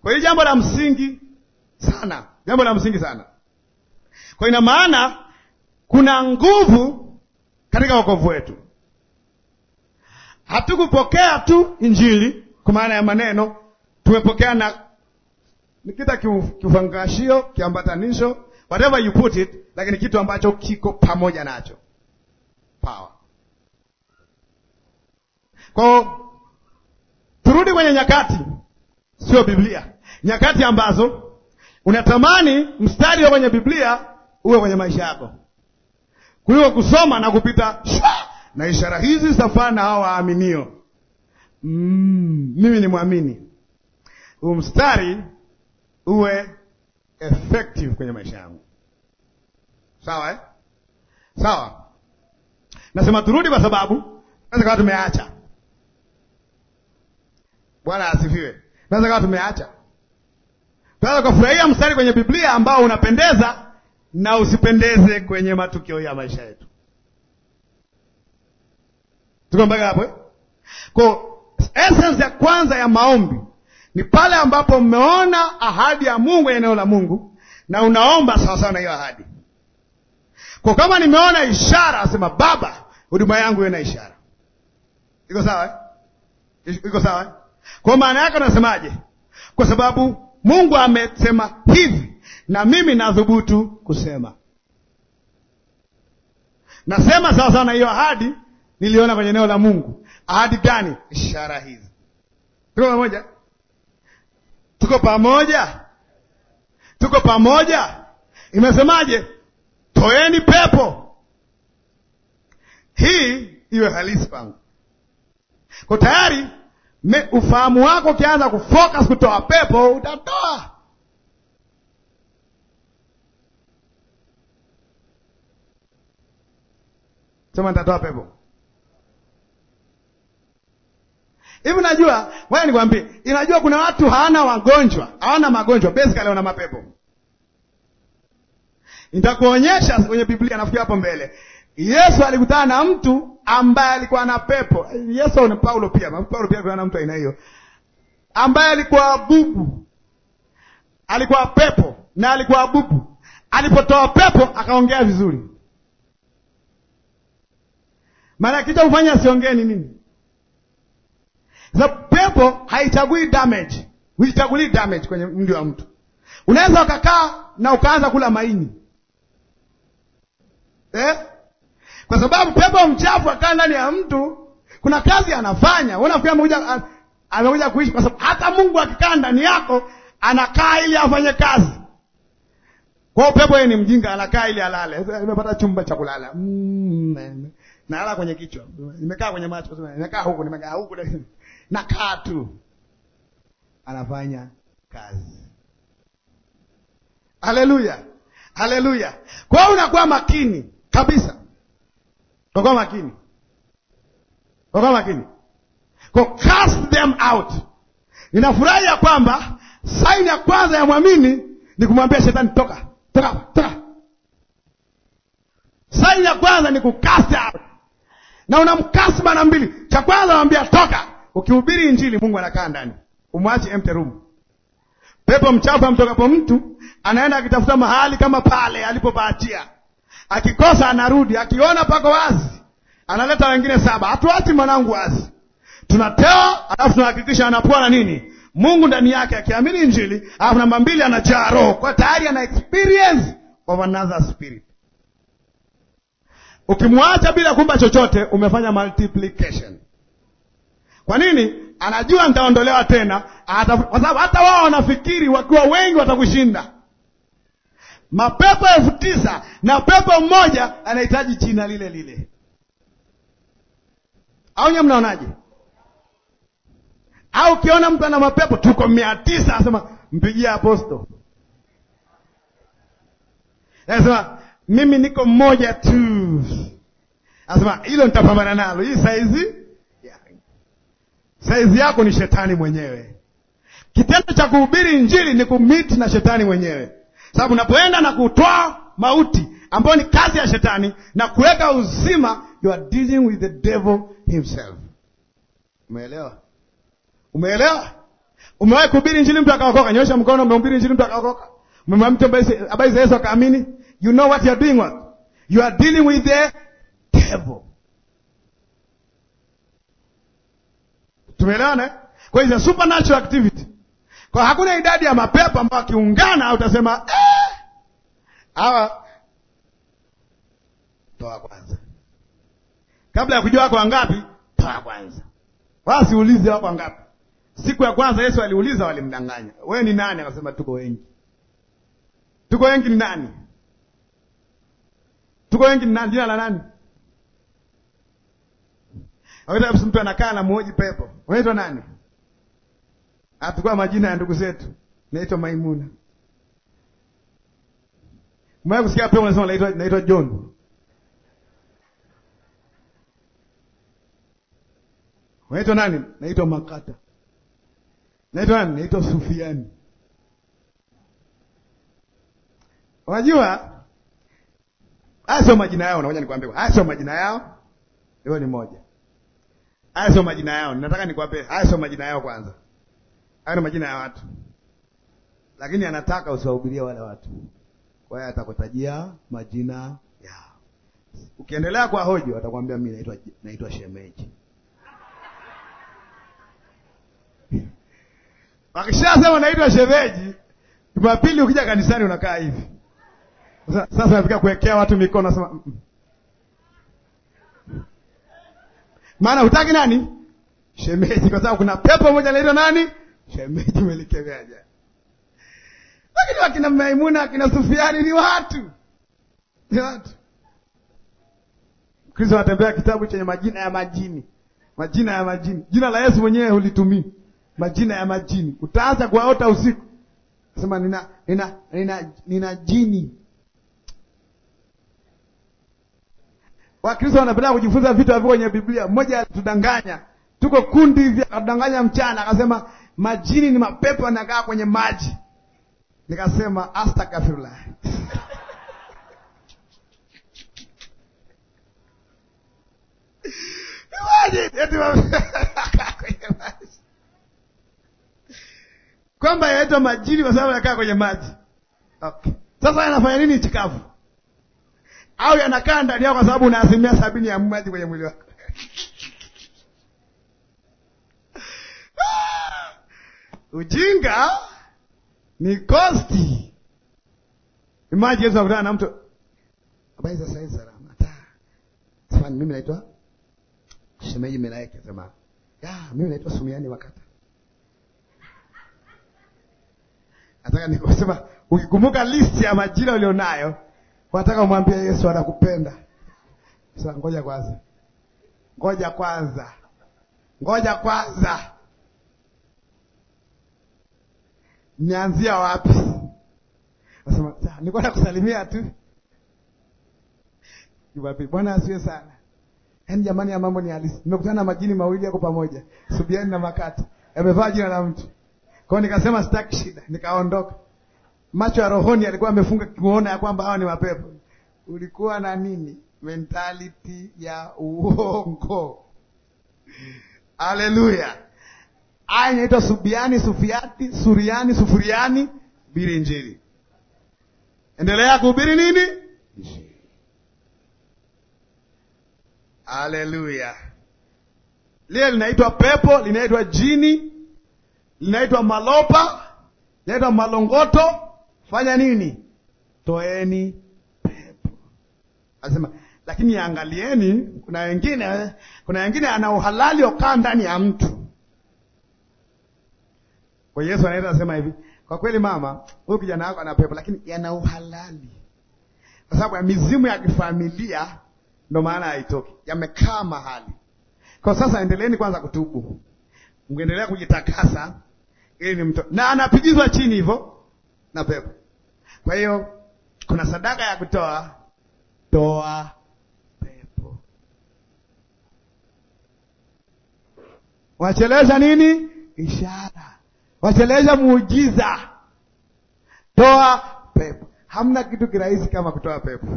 Kwa hiyo jambo la msingi sana, jambo la msingi sana. Kwa ina maana kuna nguvu katika wokovu wetu. Hatukupokea tu injili kwa maana ya maneno, tumepokea na nikita kifangashio, kiambatanisho, whatever you put it, lakini kitu ambacho kiko pamoja nacho power. Kwa turudi kwenye nyakati, sio Biblia, nyakati ambazo unatamani mstari wa kwenye Biblia uwe kwenye maisha yako kuliko kusoma na kupita shua! na ishara hizi safaa na hao waaminio. Mm, mimi ni mwamini, huu mstari uwe effective kwenye maisha yangu, sawa eh? Sawa, nasema turudi, kwa sababu naweza kawa tumeacha. Bwana asifiwe. Naweza kawa tumeacha, tunaweza kufurahia mstari kwenye Biblia ambao unapendeza na usipendeze kwenye matukio ya maisha yetu. Tuko mpaka hapo eh? Kwa essence ya kwanza ya maombi ni pale ambapo mmeona ahadi ya Mungu eneo la Mungu na unaomba sawasawa na hiyo ahadi. Kwa kama nimeona ishara, asema Baba, huduma yangu iwe na ishara. Iko sawa eh? Iko sawa eh? Kwa maana yake unasemaje? Kwa sababu Mungu amesema hivi na mimi nadhubutu kusema, nasema sawasawa na hiyo ahadi niliona kwenye eneo la Mungu. Ahadi gani? Ishara hizi. Tuko pamoja? Tuko pamoja? Tuko pamoja? Imesemaje? Toeni pepo, hii iwe halisi pangu. Kwa tayari ufahamu wako ukianza kufocus kutoa pepo, utatoa sema, nitatoa pepo hivi najua, ngoja nikwambie, inajua kuna watu hawana wagonjwa, hawana magonjwa, basically wana mapepo. Nitakuonyesha kwenye Biblia, nafikiri hapo mbele. Yesu alikutana na mtu ambaye alikuwa na pepo. Yesu ni Paulo pia, Paulo pia alikuwa na mtu aina hiyo, ambaye alikuwa bubu, alikuwa pepo na alikuwa bubu. Alipotoa pepo akaongea vizuri. Maana kitu kufanya asiongee ni nini? za pepo haichagui damage, huichagulii damage kwenye mwili wa mtu. Unaweza ukakaa na ukaanza kula maini eh? Kwa sababu pepo mchafu akaa ndani ya mtu, kuna kazi anafanya. Unafikiri amekuja amekuja kuishi? Kwa sababu hata Mungu akikaa ndani yako anakaa ili afanye kazi. Kwa hiyo pepo yeye ni mjinga, anakaa ili alale. Nimepata chumba cha kulala mm, nalala kwenye kichwa, nimekaa kwenye macho, nimekaa huku, nimekaa huku na katu anafanya kazi. Haleluya, haleluya! Kwa hiyo unakuwa makini kabisa, unakuwa makini, unakuwa makini kwa cast them out. Ninafurahi ya kwamba saini ya kwanza ya mwamini ni kumwambia shetani toka, toka, toka. Saini ya kwanza ni kukast out, na unamkasi mara mbili. Cha kwanza namwambia toka Ukihubiri Injili, Mungu anakaa ndani, umwache empty room. Pepo mchafu amtokapo mtu anaenda akitafuta mahali kama pale alipobahatia, akikosa anarudi, akiona pako wazi analeta wengine saba. Hatuachi mwanangu wazi, tunatewa alafu tunahakikisha anapoa na nini Mungu ndani yake, akiamini Injili alafu namba mbili anajaa Roho, kwa tayari ana experience of another spirit. Ukimwacha bila kumba chochote, umefanya multiplication. Kwa nini? Anajua nitaondolewa tena, kwa sababu hata wao wanafikiri wakiwa wengi watakushinda. Mapepo elfu tisa na pepo mmoja anahitaji jina lile lile, au nyewe mnaonaje? Au ukiona mtu ana mapepo tuko mia tisa asema mpigia aposto, anasema mimi niko mmoja tu, anasema hilo nitapambana nalo hii saizi Saizi yako ni shetani mwenyewe. Kitendo cha kuhubiri Injili ni kumiti na shetani mwenyewe, sababu unapoenda na kutoa mauti ambayo ni kazi ya shetani na kuweka uzima, you are dealing with the devil himself. Umeelewa? Umeelewa? Umewahi kuhubiri Injili mtu akaokoka? Nyosha mkono. Umehubiri Injili mtu akaokoka? Umemwambia mtu habari za Yesu akaamini? You know what you are doing, what you are dealing with the devil. Tumeelewana? Eh? Kwa hiyo supernatural activity. Kwa hakuna idadi ya mapepo ambayo akiungana utasema eh, hawa toa kwanza. Kabla ya kujua wako wangapi, toa kwanza. Wasiulize wako wangapi. Siku ya kwanza Yesu aliuliza, walimdanganya, wewe ni nani? Akasema tuko wengi. Tuko wengi ni nani? Tuko wengi ni nani? Jina la nani? Hawezi mtu anakaa na muoji pepo. Unaitwa nani? Atakuwa ah, majina ya ndugu zetu. Naitwa Maimuna. Mwa kusikia pepo unasema naitwa naitwa John. Unaitwa nani? Naitwa Makata. Naitwa nani? Naitwa Sufiani. Unajua haya sio majina yao, naoja nikwambie. Haya sio majina yao. Hiyo ni moja. Haya sio majina yao, nataka nikuwape. Haya sio majina yao kwanza, haya ni majina ya watu, lakini anataka usiwahubirie wale watu. Kwa hiyo atakutajia majina yao. Ukiendelea kwa hoja, atakwambia mimi naitwa naitwa shemeji. Wakishasema naitwa shemeji, Jumapili ukija kanisani unakaa hivi sasa, nafika kuwekea watu mikono, nasema mm, maana hutaki nani shemeji, kwa sababu kuna pepo moja inaitwa nani shemeji. Umelikemeaja. Lakini wakina Maimuna akina Sufiani ni watu, ni watu. Kristo anatembea kitabu chenye majina ya majini, majina ya majini. Jina la Yesu mwenyewe hulitumii, majina ya majini. Utaanza kuwaota usiku, sema nina nina nina nina jini Wakristo wanapenda kujifunza vitu haviko kwenye Biblia. Mmoja alitudanganya, tuko kundi hivi, akatudanganya mchana, akasema majini ni mapepo yanakaa kwenye maji. Nikasema astaghfirullah. kwamba yaitwa majini kwa sababu yanakaa kwenye maji. Okay. Sasa anafanya nini chikavu? au yanakaa ndani yako, kwa sababu una asilimia sabini ya maji kwenye mwili wako. Ujinga ni kosti. Imagine Yesu akutana na mtu habari za sahizi salama, ta sifani, mimi naitwa shemeji Melaike, sema ya mimi naitwa Sumiani Wakata. Nataka nikusema ukikumbuka listi ya majira ulionayo Wataka umwambie Yesu anakupenda. Sasa ngoja kwanza, ngoja kwanza, ngoja kwanza, nianzia wapi? Nasema nilikuwa nakusalimia tu Jumapili. Bwana asiwe sana. Yaani jamani, ya mambo ni halisi. Nimekutana na majini mawili yako pamoja, Subiani na Makati, yamevaa jina la mtu kwao, nikasema sitaki shida, nikaondoka macho ya rohoni alikuwa amefunga kuona ya kwamba hawa ni mapepo. Ulikuwa na nini? Mentality ya uongo. Haleluya! Aya inaitwa subiani, sufiati, suriani, sufuriani, biri njiri Endelea kuhubiri nini? Aleluya! Lile linaitwa pepo, linaitwa jini, linaitwa malopa, linaitwa malongoto fanya nini? Toeni pepo. Anasema lakini angalieni, kuna wengine, kuna wengine ana uhalali ukaa ndani ya mtu. Kwa Yesu anaweza sema hivi, kwa kweli mama, huyu kijana wako ana pepo, lakini yana uhalali kwa sababu ya mizimu ya kifamilia, ndo maana haitoki, yamekaa mahali. Kwa sasa endeleeni kwanza kutubu, mkiendelea kujitakasa ili ni mto, na anapigizwa chini hivyo na pepo. Kwa hiyo kuna sadaka ya kutoa, toa pepo. Wacheleza nini? Ishara. Wacheleza muujiza, toa pepo. Hamna kitu kirahisi kama kutoa pepo.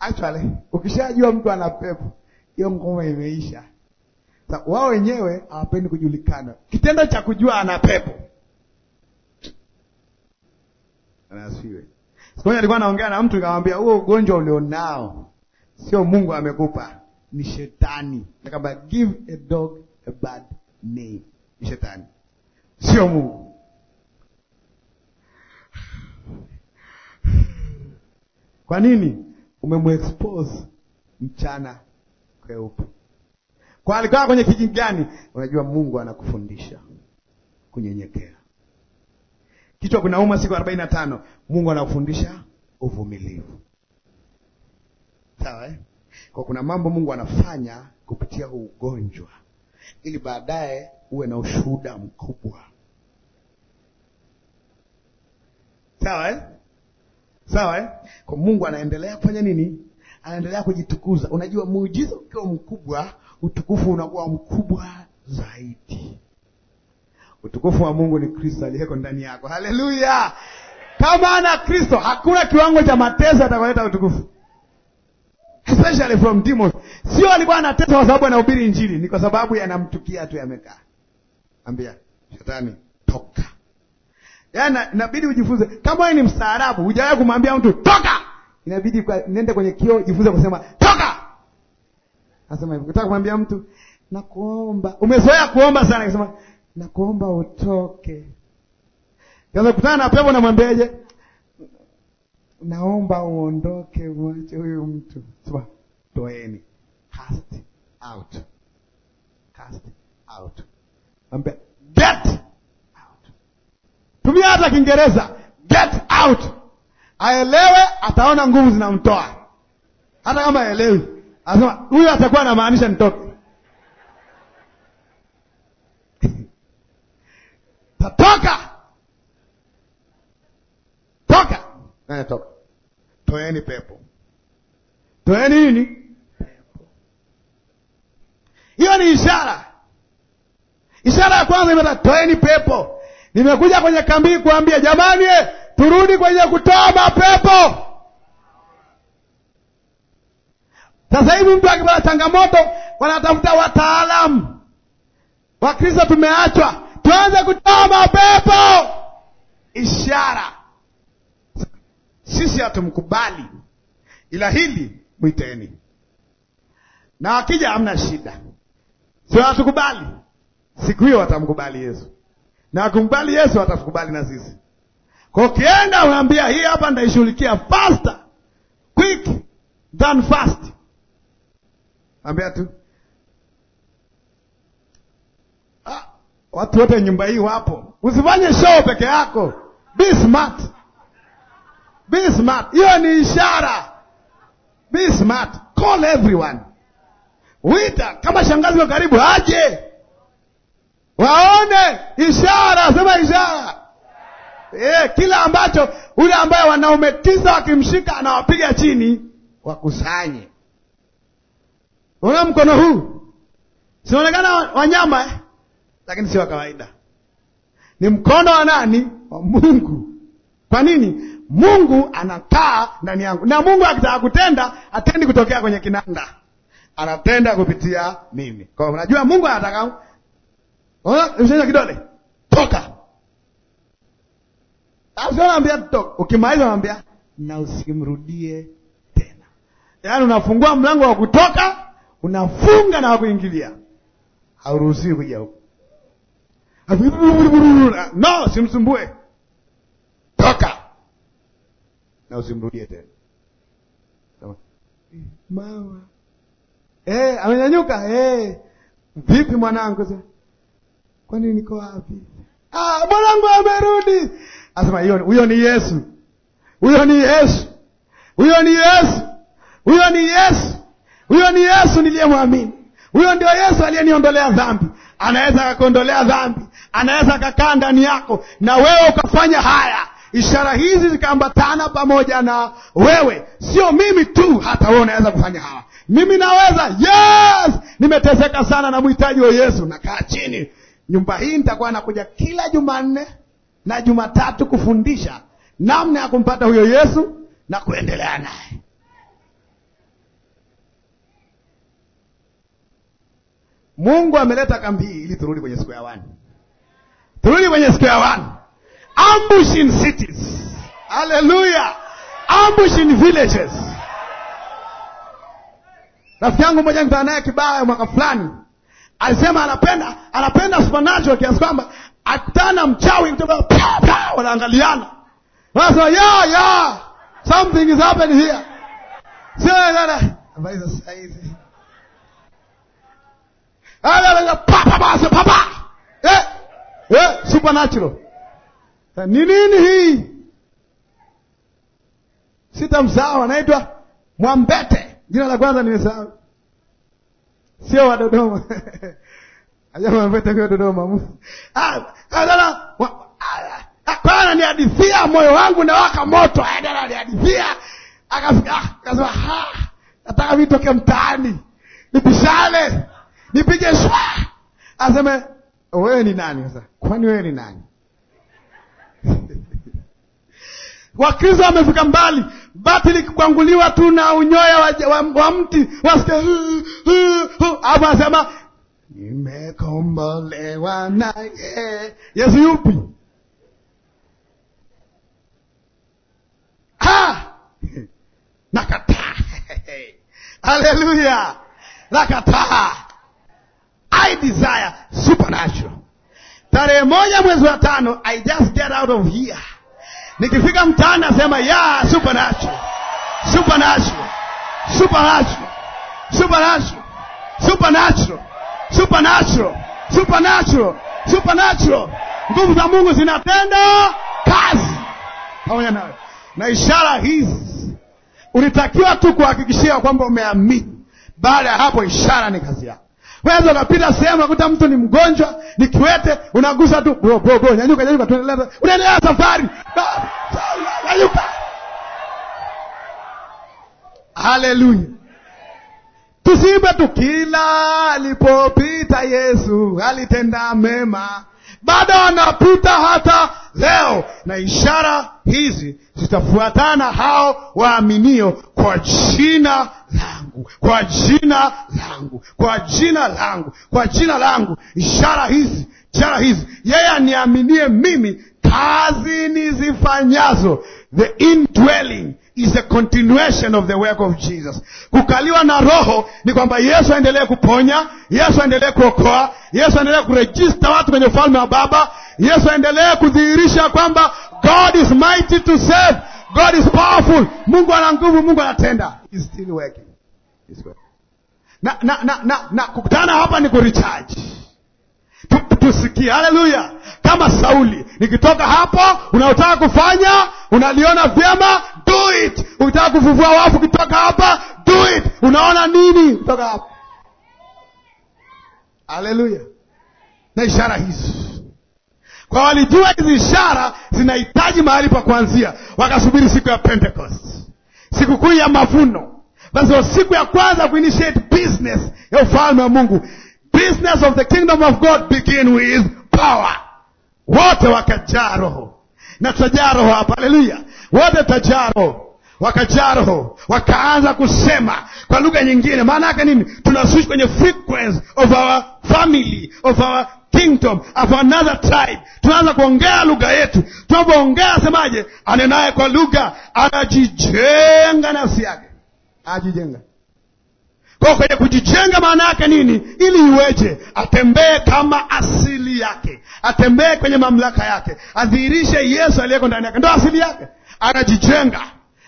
Actually, ukishajua mtu ana pepo, hiyo ngoma imeisha. Wao wenyewe hawapendi kujulikana. Kitendo cha kujua ana pepo Anasiwe. Siku moja alikuwa anaongea na mtu nikamwambia huo ugonjwa ulionao sio Mungu amekupa, ni shetani. Nikamba give a dog a bad name. Ni shetani. Sio Mungu. Kwa nini? Umemwexpose mchana kweupe. Kwa alikaa kwenye kijingi gani? Unajua Mungu anakufundisha kunyenyekea kichwa kunauma siku 45, tano Mungu anafundisha uvumilivu. Sawa eh? Kwa kuna mambo Mungu anafanya kupitia huu ugonjwa ili baadaye uwe na ushuhuda mkubwa. Sawa eh? Sawa eh? Kwa Mungu anaendelea kufanya nini? Anaendelea kujitukuza. Unajua muujiza ukiwa mkubwa, utukufu unakuwa mkubwa zaidi. Utukufu wa Mungu ni Kristo aliyeko ndani yako. Haleluya! Kama ana Kristo hakuna kiwango cha mateso atakoleta utukufu, especially from demons. Sio alikuwa anateswa kwa sababu anahubiri Injili, ni kwa sababu yanamtukia tu, yamekaa. Ambia shetani toka. Yaani inabidi ujifunze, kama wewe ni mstaarabu, hujawahi kumwambia mtu toka, inabidi nende kwenye kioo, jifunze kusema toka. Nasema hivyo, nataka kumwambia mtu nakuomba, umezoea kuomba sana, akisema na kuomba utoke. Kutana na pepo, namwambiaje? Naomba uondoke, mwache huyu mtu. Sema toeni, cast out, cast out, ambia get out. Tumia hata Kiingereza get out, aelewe. Ataona nguvu zinamtoa, hata kama aelewi, anasema huyu atakuwa anamaanisha nitoke Toka toka, eh, toka. Toeni pepo, toeni nini pepo. Hiyo ni ishara. Ishara ya kwanza imeta, toeni pepo. Nimekuja kwenye kambi kuambia jamani, eh, turudi kwenye kutoa mapepo. Sasa hivi mtu akipata changamoto, wanatafuta wataalamu. Wakristo tumeachwa tuanze kutoa mapepo, ishara. Sisi hatumkubali, ila hili mwiteni, na akija hamna shida, sio hatukubali. Siku hiyo watamkubali Yesu, na wakumkubali Yesu watakubali na sisi. Kwa ukienda unaambia hii hapa ndaishughulikia faster quick than fast, ambia tu Watu wote nyumba hii wapo. Usifanye show peke yako. Be smart. Be smart. Hiyo ni ishara. Be smart. Call everyone. Wita kama shangazi wa karibu aje. Waone ishara, sema ishara. Eh, kila ambacho ule ambaye wanaume tisa wakimshika anawapiga chini wakusanye. Ona mkono huu? Sinaonekana wanyama eh? lakini si wa kawaida, ni mkono wa nani? Wa Mungu. Kwa nini? Mungu anakaa ndani yangu, na Mungu akitaka kutenda atendi kutokea kwenye kinanda, anatenda kupitia mimi. Kwa hiyo unajua Mungu anataka usha oh, kidole toka, ambia toka, ukimaliza unaambia na usimrudie tena. Yaani unafungua mlango wa kutoka, unafunga na wa kuingilia, hauruhusiwi kuja huko. No, simsumbue, toka na usimrudie tena. Mama hey, eh, amenyanyuka hey. Eh. Vipi mwanangu, nini niko wapi? Ah, mwanangu amerudi. Asema hiyo, huyo ni Yesu, huyo ni Yesu, huyo ni Yesu, huyo ni Yesu, huyo ni Yesu niliyemwamini, huyo ndio Yesu aliyeniondolea dhambi anaweza akakuondolea dhambi, anaweza akakaa ndani yako na wewe ukafanya haya. Ishara hizi zikaambatana pamoja na wewe, sio mimi tu, hata wewe unaweza kufanya haya. Mimi naweza, yes, nimeteseka sana na mhitaji wa Yesu. Nakaa chini, nyumba hii nitakuwa nakuja kila Jumanne na Jumatatu kufundisha namna ya kumpata huyo Yesu na kuendelea naye. Mungu ameleta kambi hii ili turudi kwenye square one, turudi kwenye square one. Ambush in cities, haleluya! Ambush in villages. Rafiki yangu mmoja nitana naye Kibaya mwaka fulani alisema anapenda anapenda supernatural kiasi kwamba akutana mchawi kutoka pa wanaangaliana, wanasema ya ya something is happening here, sio habari za saizi papa eh, eh, supernatural eh, ni nini hii? Sita msahau, anaitwa Mwambete, jina la kwanza nimesahau, sio wa Dodoma Mwambete ah, ah, kwa Dodoma ananihadithia moyo wangu nawaka moto, ananihadithia akasema, ah, nataka vitoke mtaani nibishane nipige shwa, aseme wewe ni nani sasa? Kwani wewe ni nani? Wakristo wamefika mbali, bati kukwanguliwa tu na unyoya wa, wa, wa mti wasike, hapo, anasema nimekombolewa naye Yesu. Yupi? Nakataa! Haleluya! Nakataa! I desire supernatural. Tarehe moja mwezi wa tano, I just get out of here. Nikifika mtaani nasema ya supernatural, supernatural, supernatural, supernatural, supernatural, supernatural, supernatural, supernatural. Nguvu za Mungu zinatenda kazi pamoja nawe, na ishara hizi ulitakiwa tu kuhakikishia kwamba umeamini. Baada ya hapo, ishara ni kazi yako. Weza unapita sehemu unakuta mtu ni mgonjwa, ni kiwete, unagusa tu bro bro bro, nyanyuka nyanyuka, tuendelea, unaendelea safari. Ah, nyanyuka. Haleluya. Tusiimbe tu, kila alipopita Yesu alitenda mema bado wanapita hata leo, na ishara hizi zitafuatana hao waaminio, kwa jina langu, kwa jina langu, kwa jina langu, kwa jina langu, ishara hizi, ishara hizi. Yeye aniaminie mimi, kazi nizifanyazo, the indwelling is a continuation of the work of Jesus. Kukaliwa na Roho ni kwamba Yesu aendelee kuponya, Yesu aendelee kuokoa, Yesu aendelee kurejista watu kwenye ufalme wa Baba, Yesu aendelee kudhihirisha kwamba God is mighty to save, God is powerful, Mungu ana nguvu, Mungu anatenda. He's still working. He's working. Na, na, na, na, na kukutana hapa ni kurecharge tusikie. Haleluya! Kama Sauli, nikitoka hapo, unaotaka kufanya unaliona vyema, do it. Ukitaka kufufua wafu, kitoka hapa, do it. Unaona nini kutoka hapa? Haleluya! na ishara hizi kwa walijua hizi ishara zinahitaji mahali pa kuanzia, wakasubiri siku ya Pentecost, sikukuu ya mavuno. Basi siku ya kwanza kuinitiate business ya ufalme wa Mungu business of the kingdom of God begin with power. Wote wakajaa Roho na tutajaa Roho. Haleluya! Wote tutajaa Roho wakajaa Roho, wakaanza kusema kwa lugha nyingine. Maana yake nini? Tunaswishi kwenye frequency of our family, of our kingdom, of another tribe. Tunaanza kuongea lugha yetu. Tunapoongea asemaje? Anenaye kwa lugha anajijenga nafsi yake, ajijenga kwa kwenye kujijenga, maana yake nini? Ili iweje? Atembee kama asili yake, atembee kwenye mamlaka yake, adhihirishe Yesu aliyeko ndani yake, ndo asili yake, anajijenga.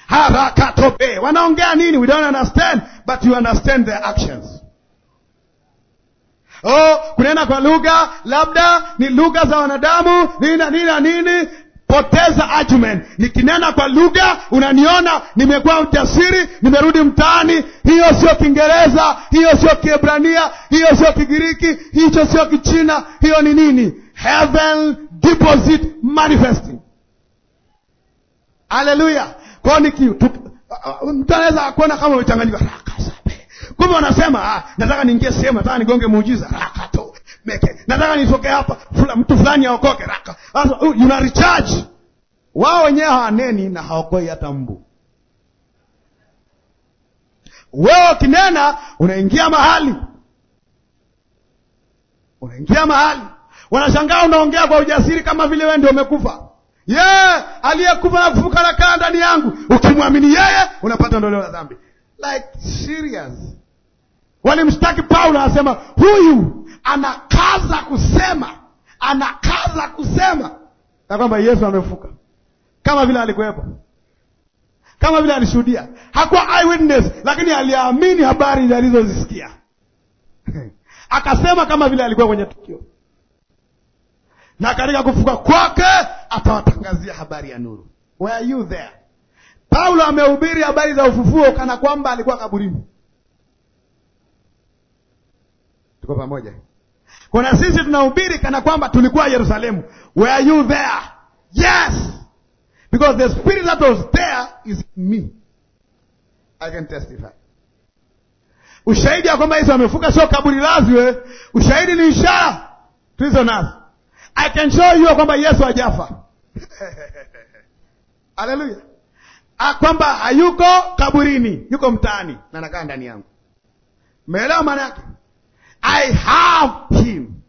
Harakatope wanaongea nini? We don't understand but you understand their actions. Oh, kunena kwa lugha labda ni lugha za wanadamu nini na nini na nini, poteza argument. Nikinena kwa lugha, unaniona nimekuwa mjasiri, nimerudi mtaani. Hiyo sio Kiingereza, hiyo sio Kiebrania, hiyo sio Kigiriki, hicho sio Kichina. Hiyo ni nini? Heaven deposit manifesting. Haleluya! Kwao niki uh, uh, mtu anaweza kuona kama umechanganyiwa ah, Kumbe wanasema ah, nataka niingie sehemu, nataka nigonge muujiza raka to meke, nataka nitoke hapa fula, mtu fulani aokoke raka. Sasa uh, una recharge. Wao wenyewe hawaneni na hawakoi hata mbu. Wewe ukinena unaingia mahali, unaingia mahali, wanashangaa unaongea kwa ujasiri kama vile wewe ndio umekufa. Ye yeah, aliyekufa na kufuka na kaa ndani yangu, ukimwamini yeye unapata ondoleo la dhambi. Like serious walimshtaki Paulo, anasema huyu anakaza kusema, anakaza kusema na kwamba Yesu amefuka, kama vile alikuwepo, kama vile alishuhudia. Hakuwa eyewitness, lakini aliamini habari alizozisikia akasema kama vile alikuwa kwenye tukio, na katika kufuka kwake atawatangazia habari ya nuru. Were you there? Paulo amehubiri habari za ufufuo kana kwamba alikuwa kaburini. Tuko pamoja? Kuna sisi tunahubiri kana kwamba tulikuwa Yerusalemu. Were you there? Yes. Because the spirit that was there is me. I can testify. Ushahidi ya kwamba Yesu amefuka sio kaburi lazwe, ushahidi ni ishara tulizo nazo. I can show you ya kwamba Yesu hajafa. Haleluya. Ah, kwamba hayuko kaburini, yuko mtaani na nakaa ndani yangu. Mmeelewa maana yake? I have him.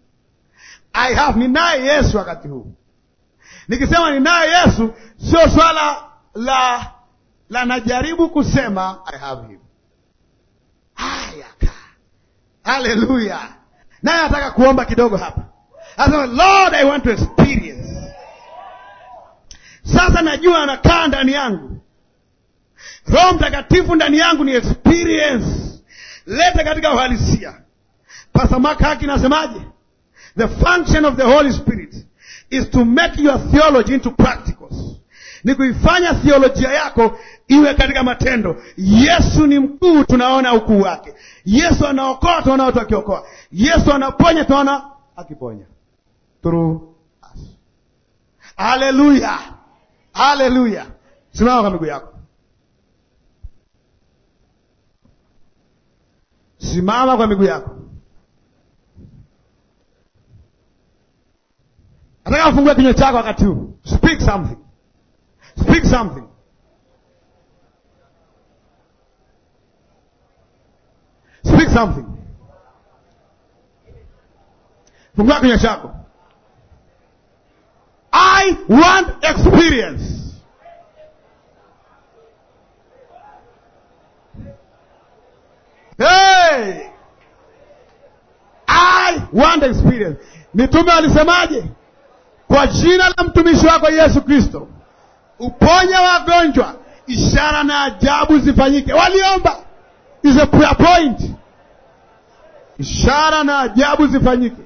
I have, ninaye Yesu wakati huu. Nikisema ninaye Yesu sio swala la la najaribu kusema I have him. Haya Haleluya. Naye nataka kuomba kidogo hapa. Anasema Lord I want to experience. Sasa najua anakaa ndani yangu. Roho Mtakatifu ndani yangu ni experience. Leta katika uhalisia. Pastor Mark Haki nasemaje? The function of the Holy Spirit is to make your theology into practicals, ni kuifanya theolojia yako iwe katika matendo. Yesu ni mkuu, tunaona ukuu wake. Yesu anaokoa, tunaona watu akiokoa. Yesu anaponya, tunaona akiponya. Through us. Haleluya, haleluya! Simama kwa miguu yako, simama kwa miguu yako. Nataka ufungue kinywa chako wakati huu. Speak something. Speak something. Speak something. Fungua kinywa chako. I want experience. Hey! I want experience. Mitume alisemaje? kwa jina la mtumishi wako Yesu Kristo, uponya wagonjwa, ishara na ajabu zifanyike. Waliomba is a prayer point, ishara na ajabu zifanyike.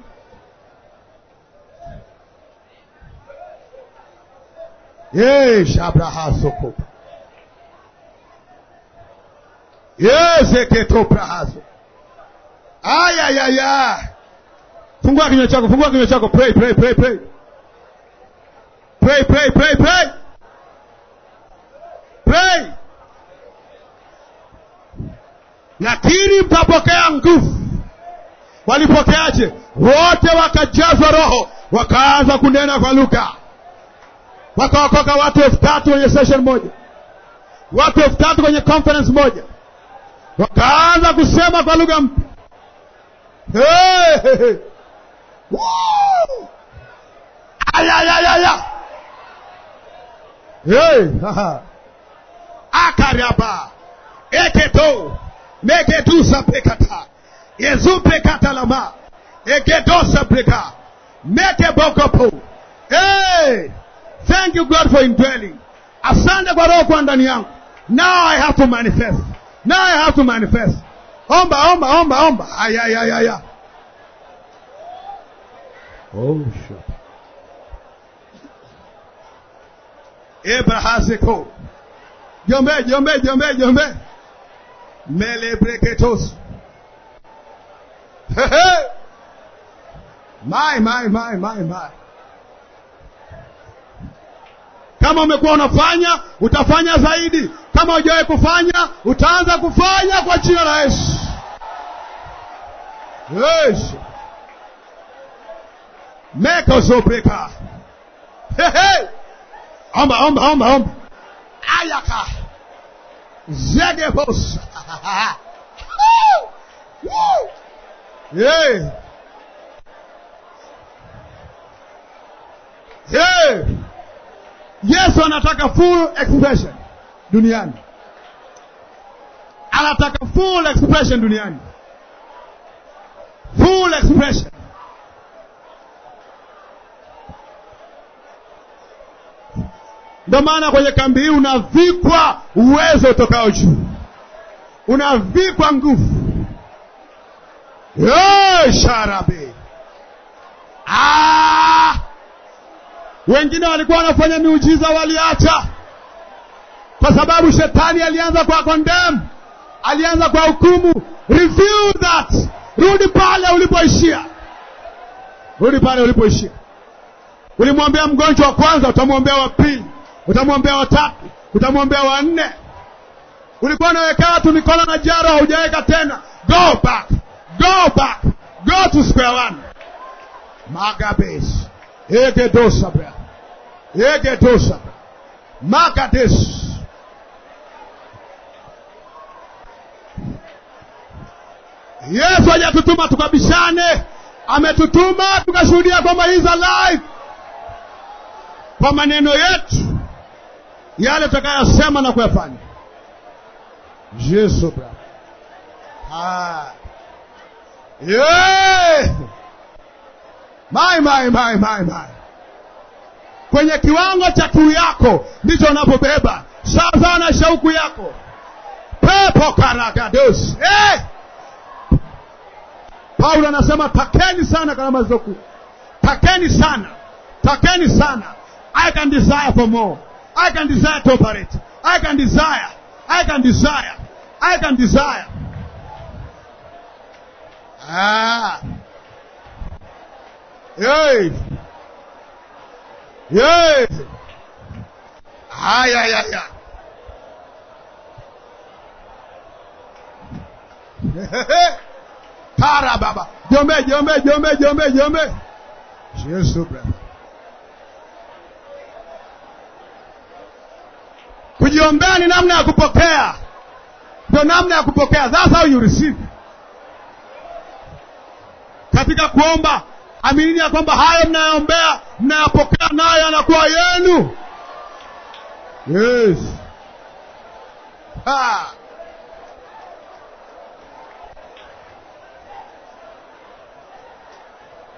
shabrahasokopa yezeketoprahaso ayayaya. Fungua kinywa chako, fungua kinywa chako, pray pray pray pray Pray, pray, pray, pray. Pray. Nakiri mtapokea nguvu. Walipokeaje? Wote wakajazwa Roho, wakaanza kunena kwa lugha, wakaokoka watu elfu tatu kwenye session moja, watu elfu tatu kwenye conference moja, wakaanza kusema kwa lugha mpya. Hey, hey, hey. Hey. Akaraba. Eketo. Megedu sapekata. Yezu pekata lama. Egedo sapeka. Meke bokopo. Hey. Thank you God for indwelling. Asante kwa roho kwa ndani yangu. Now I have to manifest. Now I have to manifest. Omba, omba, omba, omba. Ayayayaya. Oh, shit. ebrahasiko Jombe, jombe, jombe, jombe. Mele breketos. My, my, my, my, my. Kama umekuwa unafanya, utafanya zaidi. Kama hujawahi kufanya, utaanza kufanya kwa jina la Yesu. Yesu. Mekosobreka. Hey, hey. Omba, omba, omba, omba. Ayaka. Zegebosa. Woo! Woo! Yeah. Yeah. Yesu anataka full expression duniani. Anataka full expression duniani. Full expression. Ndio maana kwenye kambi hii unavikwa uwezo utokao juu, unavikwa nguvu sharabi. Ah! Wengine walikuwa wanafanya miujiza waliacha, kwa sababu shetani alianza kwa condemn, alianza kwa hukumu. Review that, rudi pale ulipoishia, rudi pale ulipoishia. Ulimwombea mgonjwa wa kwanza, utamwombea wa pili utamwombea watatu, utamwombea wanne. Ulikuwa unawekea watu mikono na jaro, haujaweka tena. Go back, go back, go to square one. Magabes egedosabra egedosabra magades Yesu hajatutuma tukabishane, ametutuma tukashuhudia kwamba is alive kwa maneno yetu yale utakayosema na kuyafanya. Yesu bra yeah. Mai, mai, mai, mai, mai. Kwenye kiwango cha kiu yako ndicho unapobeba sasa na shauku yako. Pepo karagados eh! Paulo anasema takeni sana karama zilizoku, takeni sana, takeni sana. I can desire for more. I can desire to operate. I can desire. I can desire. I can desire. Ah. Yes. Yes. Ah, yeah, yeah, yeah. Tara baba. Jombe, jombe, jombe, jombe, jombe. Yesu brother. Kujiombea ni namna ya kupokea, ndio namna ya kupokea. That's how you receive. Katika kuomba aminini ya kwamba hayo mnayoombea mnayapokea, nayo yanakuwa yenu. Yes. Ha.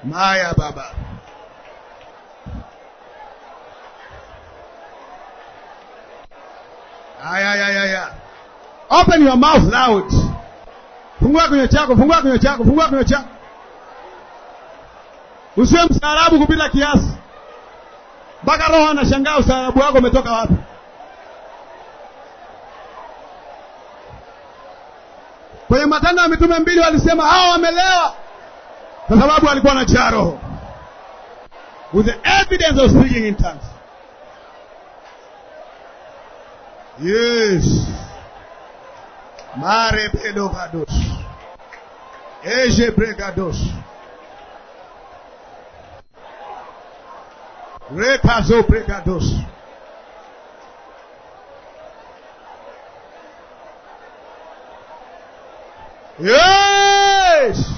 Maya baba Aya, Open your mouth loud. Fungua kinywa chako, fungua kinywa chako, fungua kinywa chako. Usiwe mstaarabu kupita kiasi mpaka Roho anashangaa ustaarabu wako umetoka wapi. Kwenye Matendo ya Mitume mbili walisema hao wamelewa, kwa sababu walikuwa na jaa Roho, with the evidence of speaking in tongues. Yes. Mare pedogados. Eje bregados. Repazo bregados. Yes.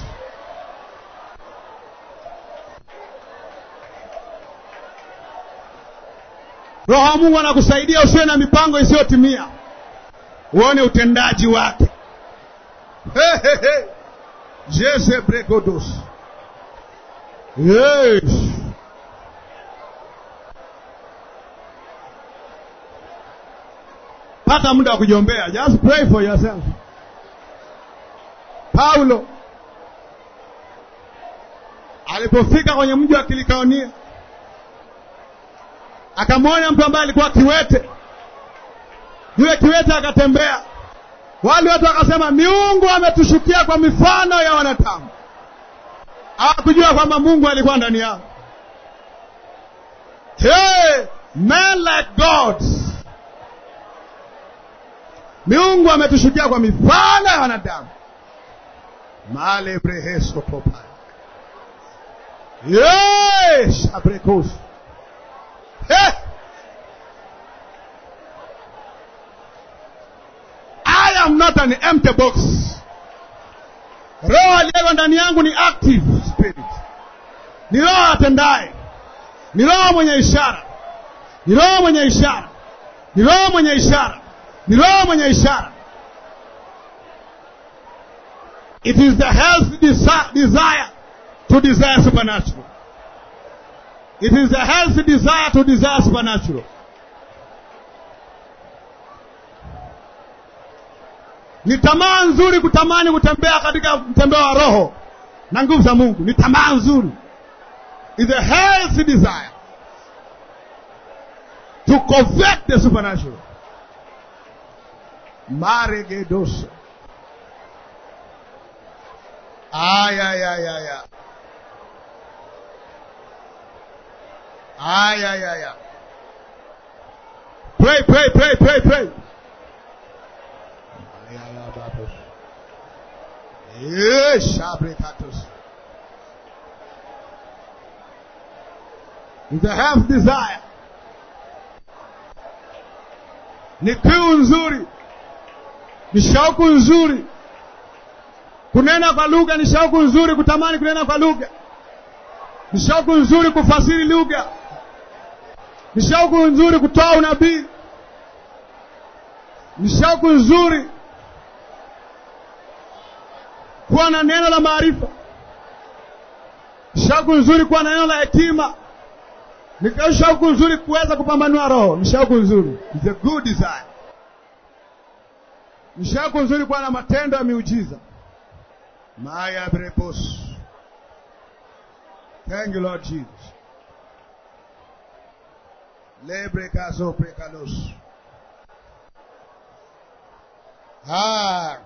Roho wa Mungu anakusaidia usiwe na mipango isiyotimia, uone utendaji wake. Hey, bregodos yes. Pata muda wa kujiombea, just pray for yourself. Paulo alipofika kwenye mji wa Kilikaonia akamwona mtu ambaye alikuwa kiwete. Yule kiwete akatembea, wale watu wakasema, miungu ametushukia kwa mifano ya wanadamu. Hawakujua kwamba Mungu alikuwa ndani yao. Hey, like miungu ametushukia kwa mifano ya wanadamu male yes abrekosu Hey! Eh? I am not an empty box. Roho aliyo ndani yangu ni active spirit, ni roho atendaye, ni roho mwenye ishara, ni roho mwenye ishara, ni roho mwenye ishara, ni roho mwenye ishara. It is the health desire to desire supernatural. It is a healthy desire to desire supernatural. Ni tamaa nzuri kutamani kutembea katika mtembeo wa roho na nguvu za Mungu. Ni tamaa nzuri. It is a healthy desire to covet the supernatural. Ay, ay, ay, ay, ay. Aya, ya, ya. Pray, pray, pray, pray, pray. Yes, eh, Abrikatus. If you have desire, ni nzuri, ni shauku nzuri. Kunena kwa lugha ni shauku nzuri, kutamani kunena kwa lugha ni shauku nzuri, kufasiri lugha ni shauku nzuri kutoa unabii, ni shauku nzuri kuwa na neno la maarifa, ni shauku nzuri kuwa na neno la hekima, ni shauku nzuri kuweza kupambanua roho, ni shauku nzuri, it's a good desire. Ni shauku nzuri kuwa na matendo ya miujiza maya brepos. Thank you Lord Jesus caso precalos. Ah,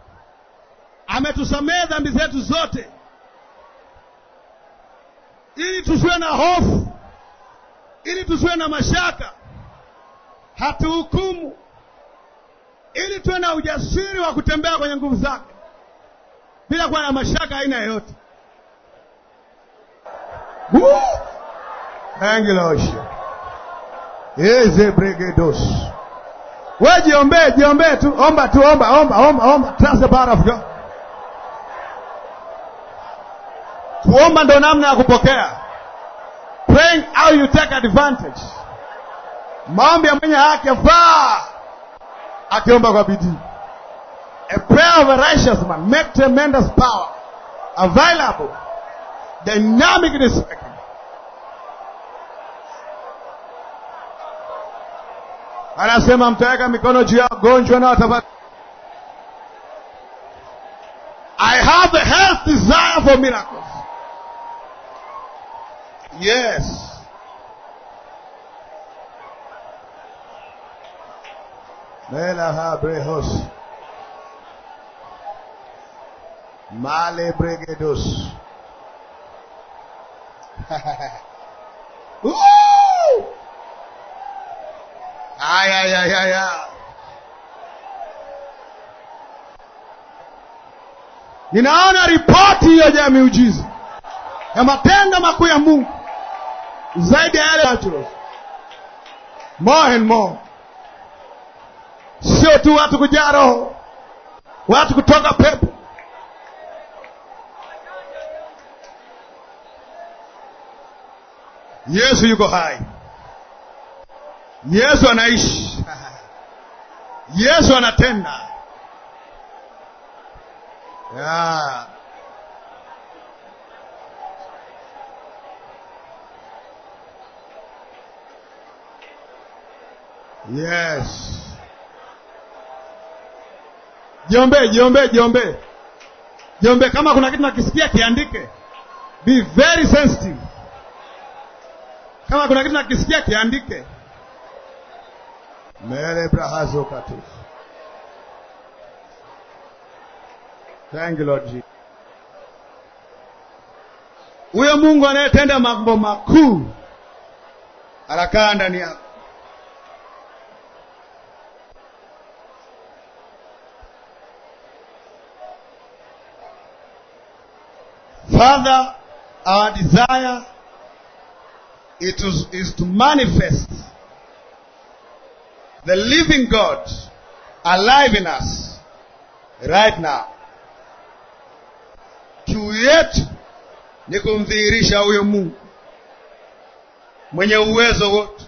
ametusamehe dhambi zetu zote ili tusiwe na hofu, ili tusiwe na mashaka, hatuhukumu, ili tuwe na ujasiri wa kutembea kwenye nguvu zake bila kuwa na mashaka aina yoyote. Thank you, Lord. Ezebregedos. Wewe jiombee, jiombee tu, omba tu, omba, omba, omba, omba. Trust the power of God. Kuomba ndo namna ya kupokea. Praying how you take advantage. Maombi ya mwenye haki yafaa akiomba kwa bidii. A prayer of a righteous man make tremendous power available dynamic respect anasema mtaweka mikono juu ya wagonjwa na watapata. I have the health desire for miracles. Yes. Melahabrehos. Malebregedos. Woo! Haya ya ya ya. Ninaona ripoti yenye ya miujiza ya matendo makuu ya Mungu zaidi ya yale more and more, sio tu watu kujaa roho, watu kutoka pepo. Yesu yuko hai. Yesu anaishi, Yesu anatenda yeah. Yes, jiombe, jiombe, jiombe, jiombe. Kama kuna kitu nakisikia kiandike, be very sensitive. Kama kuna kitu nakisikia kiandike mere brahazo katus. Thank you Lord Jesus. Huyo Mungu anayetenda mambo makuu anakaa ndani yako. Father, our desire it is, is to manifest the living God alive in us right now. Kiu yetu ni kumdhihirisha huyo Mungu mwenye uwezo wote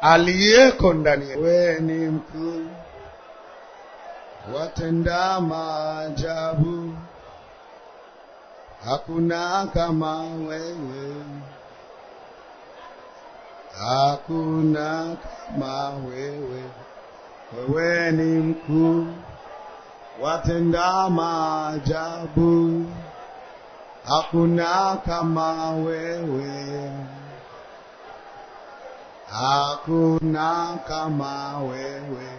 aliyeko ndani yetu. Wewe ni mkuu, watenda maajabu, hakuna kama wewe. hakuna kama wewe, wewe ni mkuu, watenda maajabu. Hakuna kama wewe, hakuna kama wewe,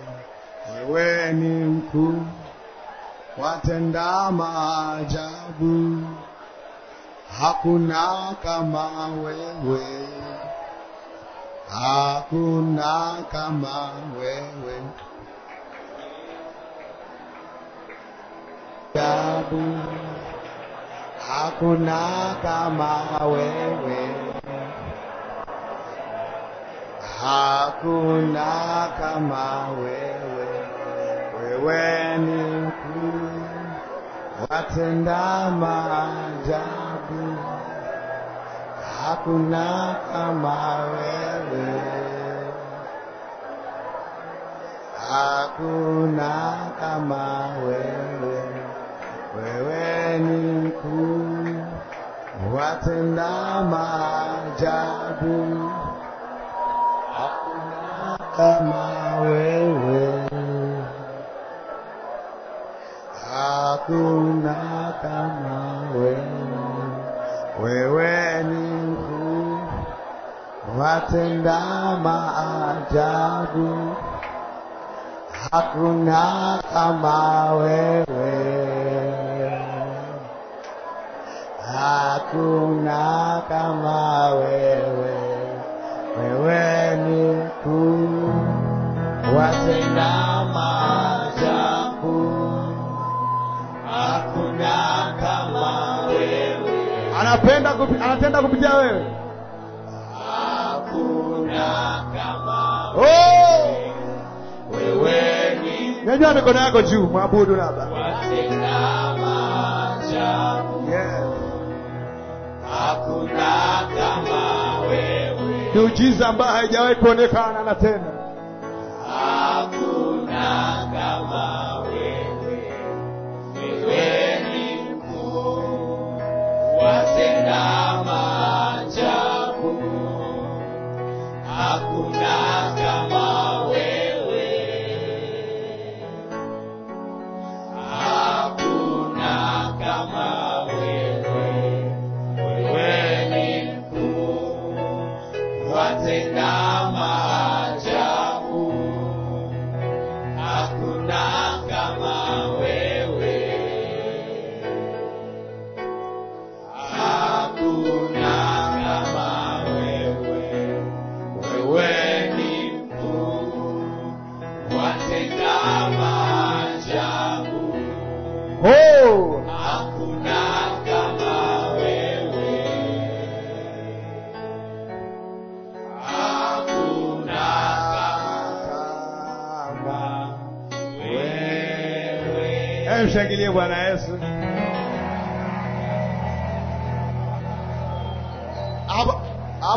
wewe ni mkuu, watenda maajabu. Hakuna kama wewe hakuna kama wewe ajabu, hakuna kama wewe, hakuna kama wewe. Wewe ni mkuu, watenda maajabu hakuna kama wewe, hakuna kama wewe, wewe ni mkuu, watenda maajabu, hakuna kama wewe, hakuna kama wewe, wewe ni watenda maajabu, hakuna kama wewe, hakuna kama wewe, wewe ni mkuu, watenda maajabu, hakuna kama wewe, anapenda kupi, anatenda kupitia wewe Oh! nyanyua mikono yako juu mwabudu labda miujiza ambayo haijawahi kuonekana na tena hakuna now.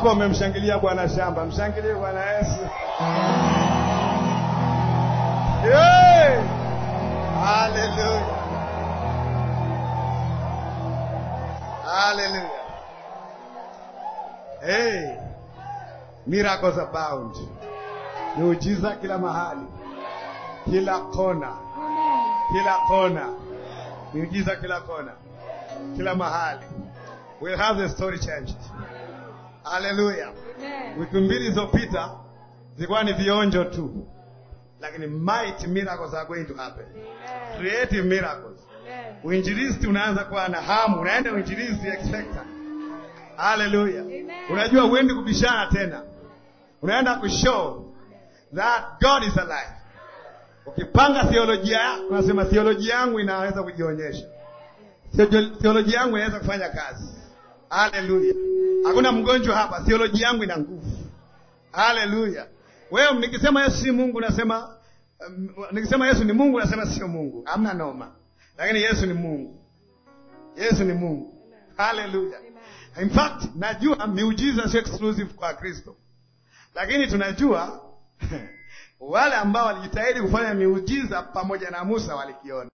hapo amemshangilia bwana shamba, mshangilie Bwana Yesu. Yeah. Haleluya. Haleluya. Hey. Miracles abound. Miujiza kila mahali, kila kona, kila kona, miujiza kila kona, kila mahali. We have the story changed. Haleluya! Wiki mbili zilizopita zilikuwa ni vionjo tu, lakini mighty miracles are going to happen. Amen. Creative miracles. Uinjilisti unaanza kuwa na hamu, unaenda uinjilisti expecta. Haleluya! Unajua uendi kubishana tena, unaenda kushow that God is alive. Ukipanga theolojia yako, unasema theolojia yangu inaweza kujionyesha, theolojia yangu inaweza kufanya kazi Haleluya! Hakuna mgonjwa hapa, theolojia yangu ina nguvu. Haleluya! Wewe nikisema Yesu si Mungu nasema um, nikisema Yesu ni Mungu nasema sio Mungu, hamna noma, lakini Yesu ni Mungu. Yesu ni Mungu. Haleluya! In fact najua miujiza sio exclusive kwa Kristo, lakini tunajua wale ambao walijitahidi kufanya miujiza pamoja na Musa walikiona.